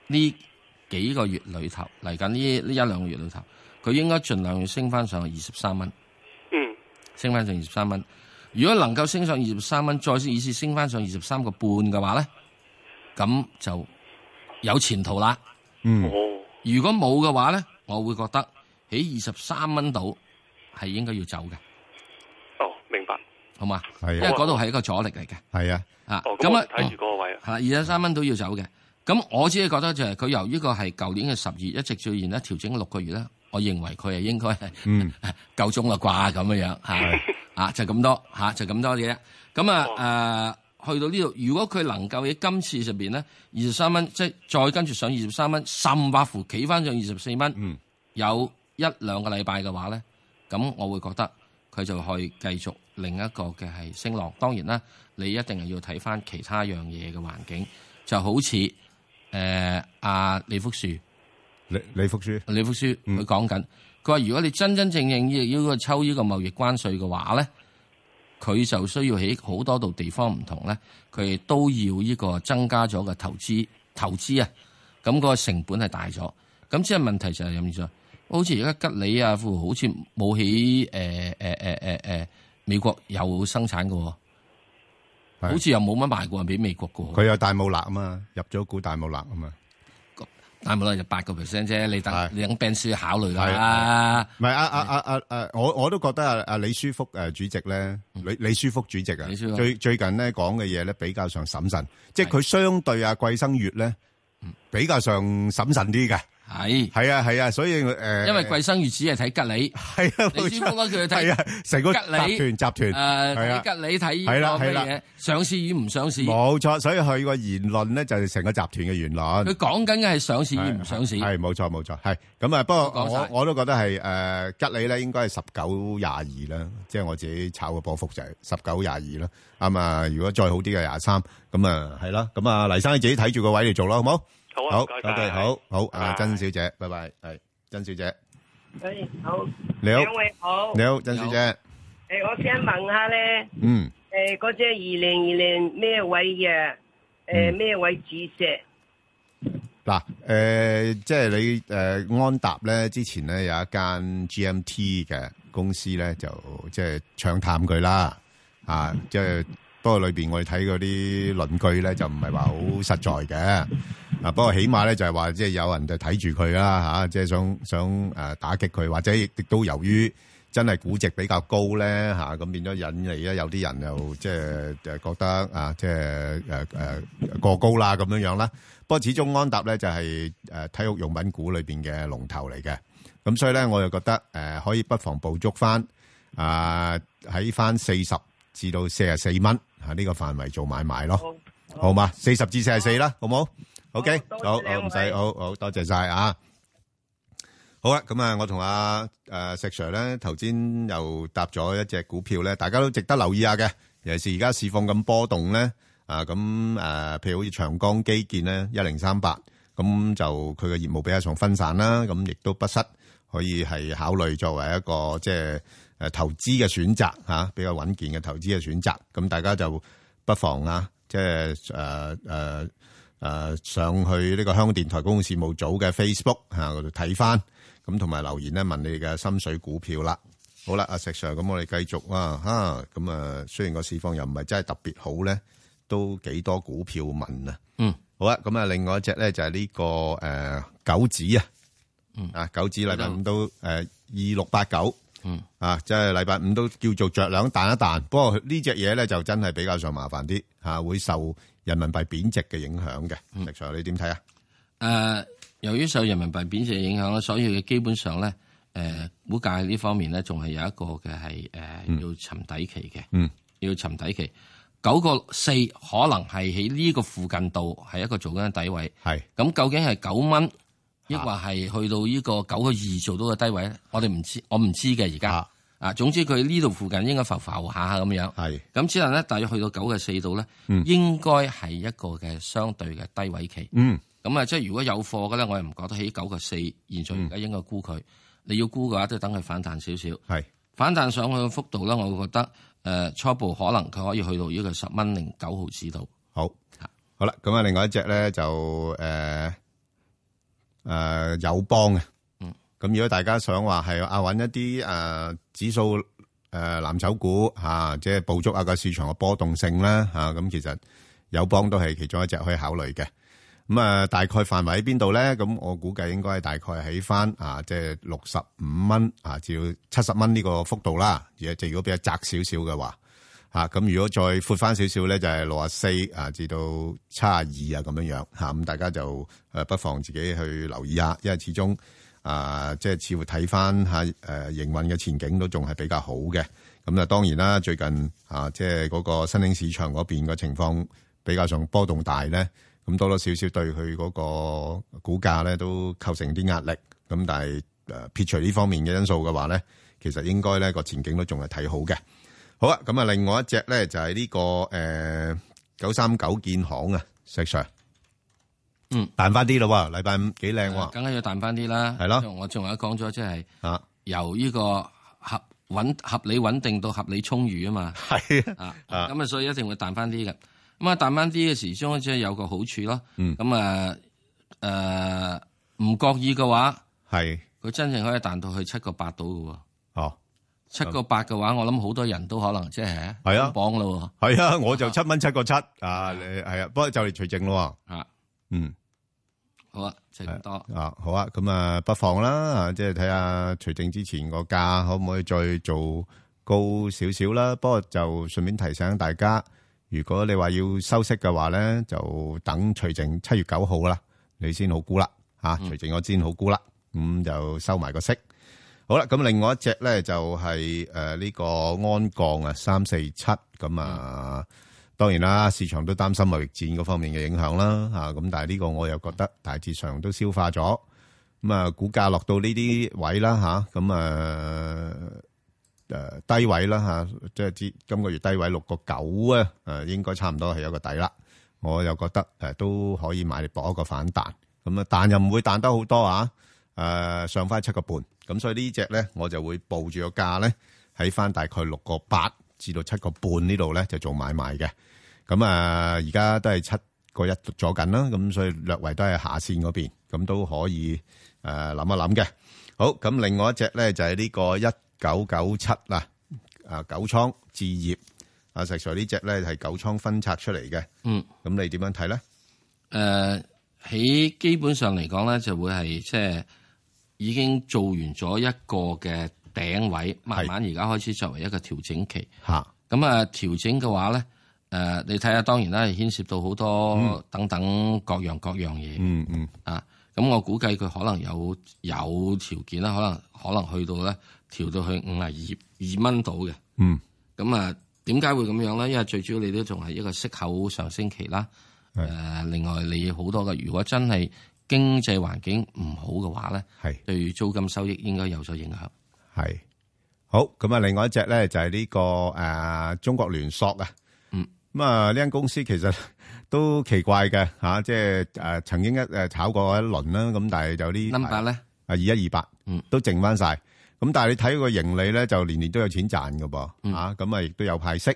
呢幾個月裏頭，嚟緊呢呢一兩個月裏頭，佢應該盡量要升翻上二十三蚊，嗯，升翻上二十三蚊。如果能夠升上二十三蚊，再以次以升翻上二十三個半嘅話咧，咁就，有前途啦，嗯，如果冇嘅話咧，我會覺得喺二十三蚊度係應該要走嘅。哦，明白，好嘛，係、啊，因為嗰度係一個阻力嚟嘅，係啊，咁啊睇住嗰個位、哦、23啊，二十三蚊度要走嘅，咁我只係覺得就係、是、佢由於個係舊年嘅十二一直最完咧調整六個月啦，我認為佢係應該係嗯夠鐘啦啩咁樣樣吓、啊 啊就是，啊就咁多吓，就咁、是、多嘢，咁啊誒。哦啊去到呢度，如果佢能夠喺今次入邊咧，二十三蚊，即係再跟住上二十三蚊，甚或乎企翻上二十四蚊，有一兩個禮拜嘅話咧，咁我會覺得佢就可以繼續另一個嘅係升浪。當然啦，你一定係要睇翻其他樣嘢嘅環境，就好似誒阿李福樹，李李福樹，李福樹佢講緊，佢話、嗯、如果你真真正正要要個抽呢個貿易關稅嘅話咧。佢就需要喺好多度地方唔同咧，佢都要呢個增加咗個投資，投資啊，咁個成本係大咗。咁即係問題就係咁意思。好似而家吉利啊，好似冇喺誒誒誒美國有生產㗎喎，好似又冇乜賣過俾美國㗎喎。佢有大冇立啊嘛，入咗股大冇立啊嘛。但係冇咯，就八個 percent 啫，你等你等秘書考慮啦。唔係啊啊啊啊啊，我我都覺得啊，李書福誒主席咧，李李書福主席啊，最最近咧講嘅嘢咧比較上審慎，即係佢相對阿季生月咧，比較上審慎啲嘅。係，係啊，係啊，所以誒，因為貴生如此係睇吉利，係啊，黎叔啦，佢睇啊，成個吉利集團集團，誒，睇吉利睇呢個嘅嘢，上市與唔上市，冇錯，所以佢個言論咧就係成個集團嘅言論。佢講緊嘅係上市與唔上市，係冇錯冇錯，係咁啊。不過我我都覺得係誒，吉利咧應該係十九廿二啦，即係我自己炒嘅波幅就係十九廿二啦。啱啊，如果再好啲嘅廿三，咁啊係啦，咁啊黎生你自己睇住個位嚟做啦，好冇？好，多謝，謝，好好，好、Bye. 啊，曾小姐，拜拜，係曾小姐，誒、hey,，好，你好，兩位好你好，曾小姐，誒、呃，我想問下咧，嗯，誒、呃，嗰隻二零二零咩位嘅、啊，誒、呃，咩位止蝕？嗱、嗯，誒、呃，即係你誒、呃、安踏咧，之前咧有一間 G M T 嘅公司咧，就即係唱淡佢啦，啊，即係不過裏邊我哋睇嗰啲論據咧，就唔係話好實在嘅。 不過起碼咧就係話，即係有人就睇住佢啦吓，即係想想誒打擊佢，或者亦都由於真係估值比較高咧吓，咁變咗引嚟咧有啲人就即係誒覺得啊，即係誒誒過高啦咁樣樣啦。不過始終安踏咧就係誒體育用品股裏邊嘅龍頭嚟嘅，咁所以咧我就覺得誒可以不妨捕捉翻啊喺翻四十至到四十四蚊吓呢個範圍做買賣咯，好嘛？四十至四十四啦，好唔好？Ok，好，唔使，好好多謝晒啊！好啦，咁啊，我同阿誒石 Sir 咧頭先又搭咗一隻股票咧，大家都值得留意下嘅，尤其是而家市況咁波動咧，啊咁誒、呃，譬如好似長江基建咧一零三八，咁、啊、就佢嘅業務比較重分散啦，咁亦都不失可以係考慮作為一個即係誒、啊、投資嘅選擇吓、啊，比較穩健嘅投資嘅選擇，咁大家就不妨啊，即係誒誒。啊啊誒，上去呢個香港電台公共事務組嘅 Facebook 吓嗰度睇翻，咁同埋留言咧，問你哋嘅心水股票啦。好、啊、啦，阿、啊、石 Sir，咁我哋繼續啊，吓咁啊，雖然個市況又唔係真係特別好咧，都幾多股票問啊。嗯，好啦咁啊，另外一隻咧就係、是、呢、這個誒九紙啊，嗯啊九紙禮拜五都誒二六八九，呃、2689, 嗯啊即係禮拜五都叫做着兩彈一彈，不過呢隻嘢咧就真係比較上麻煩啲吓，會受。人民幣貶值嘅影響嘅，石 Sir 你點睇啊？誒、呃，由於受人民幣貶值嘅影響咧，所以嘅基本上咧，誒、呃、股價呢方面咧，仲係有一個嘅係誒要沉底期嘅、嗯，要沉底期。九個四可能係喺呢個附近度係一個做緊底位，係咁究竟係九蚊，抑或係去到呢個九個二做到個低位咧、啊？我哋唔知，我唔知嘅而家。啊，總之佢呢度附近應該浮浮下下咁樣，係，咁之後咧大約去到九嘅四九個四度咧、嗯，應該係一個嘅相對嘅低位期。嗯，咁啊，即係如果有貨嘅咧，我又唔覺得喺九個四，現在而家應該沽佢，你、嗯、要沽嘅話，都等佢反彈少少。係，反彈上去嘅幅度咧，我會覺得，誒，初步可能佢可以去到呢個十蚊零九毫子度。好，好啦，咁啊，另外一隻咧就誒誒友邦啊。呃呃有咁如果大家想話係啊揾一啲誒指數誒藍籌股吓，即係捕捉啊個市場嘅波動性啦，吓，咁其實友邦都係其中一隻可以考慮嘅。咁啊，大概範圍喺邊度咧？咁我估計應該係大概喺翻啊，即係六十五蚊啊，至七十蚊呢個幅度啦。而即係如果比較窄少少嘅話，吓咁如果再闊翻少少咧，就係六啊四啊至到七啊二啊咁樣樣吓。咁大家就誒不妨自己去留意下，因為始終。啊，即係似乎睇返吓誒營運嘅前景都仲係比較好嘅。咁啊，當然啦，最近啊，即係嗰個新興市場嗰邊嘅情況比較上波動大咧，咁多多少少對佢嗰個股價咧都構成啲壓力。咁但係誒撇除呢方面嘅因素嘅話咧，其實應該咧個前景都仲係睇好嘅。好啦，咁啊，另外一隻咧就係呢個誒九三九建行啊，石 Sir。嗯，彈翻啲咯，禮拜五幾靚，梗係要彈翻啲啦，係咯。我仲有講咗，即係啊，由呢個合穩合理穩定到合理充裕啊嘛，係啊，咁啊，所以一定會彈翻啲嘅。咁啊，彈翻啲嘅時陣，即係有個好處咯，咁、嗯嗯、啊，誒、呃，唔覺意嘅話係，佢真正可以彈到去七個八度嘅喎，哦，七個八嘅話，我諗好多人都可能即係係啊，就是、榜咯，係啊，我就七蚊七個七啊，你係啊，不過就嚟，除剩咯，啊。嗯，好啊，差唔多啊，好啊，咁啊，不妨啦，即係睇下除淨之前個價可唔可以再做高少少啦。不過就順便提醒大家，如果你話要收息嘅話咧，就等除淨七月九號啦，你先好沽啦。吓、嗯啊，除淨我先好沽啦，咁、嗯、就收埋個息。好啦、啊，咁另外一隻咧就係誒呢個鞍鋼啊、嗯，三四七咁啊。當然啦，市場都擔心貿易戰嗰方面嘅影響啦，咁、啊，但係呢個我又覺得大致上都消化咗。咁啊，股價落到呢啲位啦，吓、啊，咁啊、呃，低位啦，吓、啊，即、就、係、是、今個月低位六個九啊，誒應該差唔多係有個底啦。我又覺得、啊、都可以買嚟搏一個反彈。咁啊，彈又唔會彈得好多啊，啊，上翻七個半。咁所以呢隻咧，我就會報住個價咧，喺翻大概六個八至到七個半呢度咧，就做買賣嘅。咁啊，而家都係七個一做緊啦，咁所以略為都係下線嗰邊，咁都可以誒諗一諗嘅。好，咁另外一隻咧就係呢個一九九七啦，啊九倉置業啊，石 Sir 呢隻咧係九倉分拆出嚟嘅。嗯，咁你點樣睇咧？誒、呃，喺基本上嚟講咧，就會係即係已經做完咗一個嘅頂位，慢慢而家開始作為一個調整期。嚇，咁啊，調整嘅話咧。誒、呃，你睇下，當然啦，牽涉到好多等等各樣各樣嘢，嗯嗯啊。咁我估計佢可能有有條件啦，可能可能去到咧調到去五廿二二蚊到嘅，嗯。咁啊，點解會咁樣咧？因為最主要你都仲係一個息口上升期啦。誒、啊，另外你好多嘅，如果真係經濟環境唔好嘅話咧，係對於租金收益應該有所影響。係好，咁啊，另外一隻咧就係、是、呢、這個誒、呃、中國聯塑啊。咁啊，呢間公司其實都奇怪嘅，吓，即係誒，曾經一誒炒過一輪啦，咁但係就啲二一二八，嗯，都剩翻晒。咁但係你睇個盈利咧，就年年都有錢賺噶噃，吓，咁啊亦都有派息。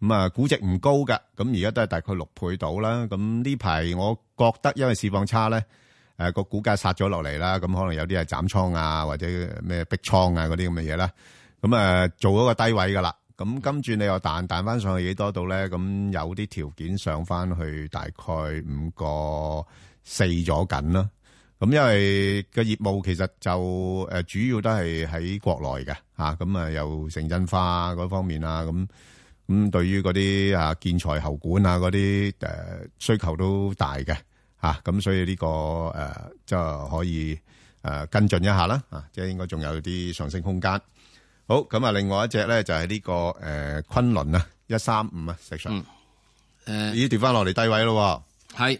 咁啊，估值唔高噶，咁而家都係大概六倍到啦。咁呢排我覺得因為市況差咧，誒個股價殺咗落嚟啦，咁可能有啲係斬倉啊，或者咩逼倉啊嗰啲咁嘅嘢啦。咁啊，做咗個低位噶啦。咁跟住你又彈彈翻上去幾多度咧？咁有啲條件上翻去大概五個四咗緊啦。咁因為個業務其實就主要都係喺國內嘅，嚇，咁啊又城鎮化嗰方面啊，咁咁對於嗰啲啊建材喉管啊嗰啲需求都大嘅，嚇，咁所以呢個誒就可以誒跟進一下啦。即係應該仲有啲上升空間。好咁啊！另外一隻咧就係呢、這個誒昆崙啦，一三五啊，石生、嗯，誒、呃，已調翻落嚟低位咯。係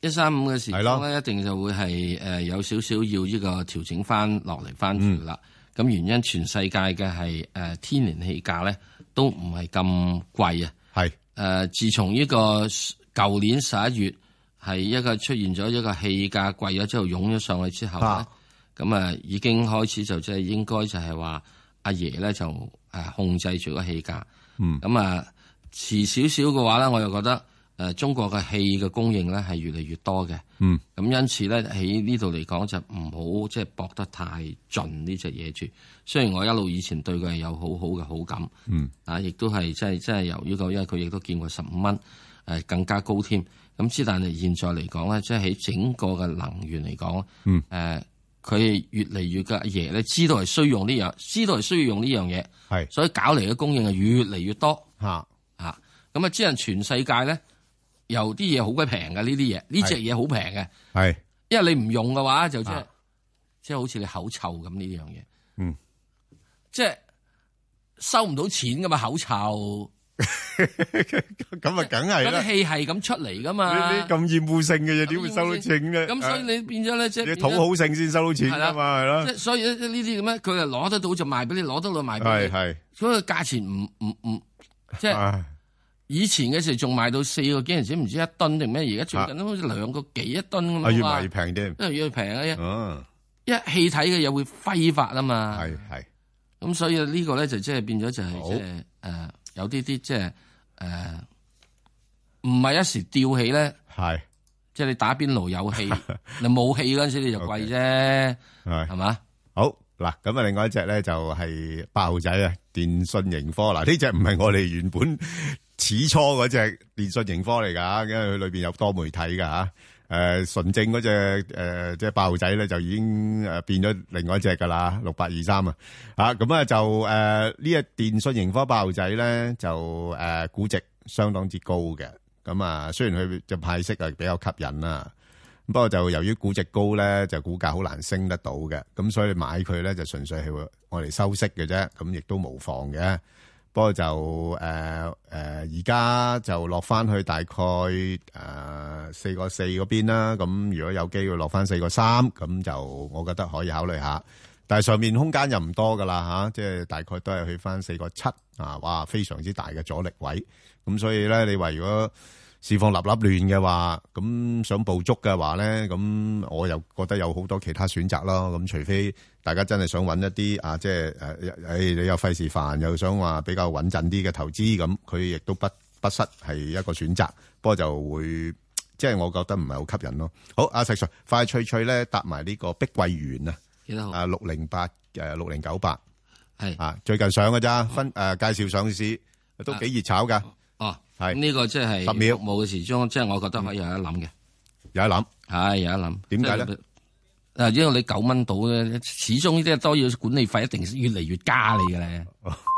一三五嘅時候咧，一定就會係誒、呃、有少少要呢個調整翻落嚟翻轉啦。咁原因，全世界嘅係誒天然氣價咧都唔係咁貴啊。係誒、呃，自從呢個舊年十一月係一個出現咗一個氣價貴咗之後，湧咗上去之後咁啊，已經開始就即係應該就係話阿爺咧就控制住個氣價，嗯，咁啊遲少少嘅話咧，我又覺得中國嘅氣嘅供應咧係越嚟越多嘅，嗯，咁因此咧喺呢度嚟講就唔好即係博得太盡呢隻嘢住。雖然我一路以前對佢係有好好嘅好感，嗯，啊，亦都係即係即係由於個，因為佢亦都見過十五蚊更加高添。咁之但係現在嚟講咧，即係喺整個嘅能源嚟講，嗯、呃，佢越嚟越嘅阿爺咧，知道係需要用呢樣，知道係需要用呢樣嘢，係，所以搞嚟嘅供應係越嚟越多，吓，吓，咁啊！即係全世界咧，有啲嘢好鬼平嘅呢啲嘢，呢隻嘢好平嘅，係，因為你唔用嘅話就即係，即係好似你口臭咁呢樣嘢，嗯，即係收唔到錢噶嘛口臭。咁 啊，梗係啦。氣係咁出嚟噶嘛？咁厭惡性嘅嘢點會收到錢嘅？咁所以你變咗咧，即、啊、你討好性先收到錢噶嘛？係咯，即所以呢啲咁咧，佢係攞得到就賣俾你，攞得到就賣俾你，係所以價錢唔唔唔，即係、就是、以前嘅時仲賣到四個幾，唔知唔知一噸定咩？而家最近好似兩個幾一噸咁越賣越平啲，越平啊，一氣體嘅嘢會揮發啊嘛，係係。咁所以呢個咧就即係變咗就係即係誒。有啲啲即係誒，唔、呃、係一時吊起咧，係即係你打邊爐有氣， 你冇氣嗰陣時你就貴啫，係、okay，嘛？好嗱，咁啊，另外一隻咧就係爆仔啊，電信盈科嗱，呢隻唔係我哋原本始初嗰隻電信盈科嚟噶，因為佢裏邊有多媒體噶吓。誒、呃，純正嗰隻誒，即係八號仔咧，就已經誒變咗另外一隻噶啦，六百二三啊吓咁啊，啊就誒呢、呃、一電信盈科八號仔咧就誒、呃、估值相當之高嘅咁啊，雖然佢就派息啊比較吸引啦、啊，不過就由於估值高咧就股價好難升得到嘅，咁所以買佢咧就純粹係我嚟收息嘅啫，咁、啊、亦都無妨嘅。不過就誒誒，而家就落翻去大概誒四個四嗰邊啦。咁如果有機會落翻四個三，咁就我覺得可以考慮下。但係上面空間又唔多㗎啦嚇，即係大概都係去翻四個七啊！哇，非常之大嘅阻力位。咁所以咧，你話如果市況立立亂嘅話，咁想捕捉嘅話咧，咁我又覺得有好多其他選擇咯。咁除非大家真係想揾一啲啊，即係誒，誒、哎、你又費事煩，又想話比較穩陣啲嘅投資，咁佢亦都不不失係一個選擇。不過就會即係、就是、我覺得唔係好吸引咯。好，阿石 Sir，快脆脆咧搭埋呢個碧桂園啊，幾多號啊？六零八誒，六零九八係啊，最近上嘅咋、嗯、分誒、啊？介紹上市都幾熱炒噶。啊哦，係呢、這個即係十秒冇嘅時鐘，即係、就是、我覺得可以有得諗嘅、嗯，有得諗，係有得諗，點解咧？啊、就是，因為你九蚊到咧，始終即係都要管理費，一定越嚟越加你嘅咧。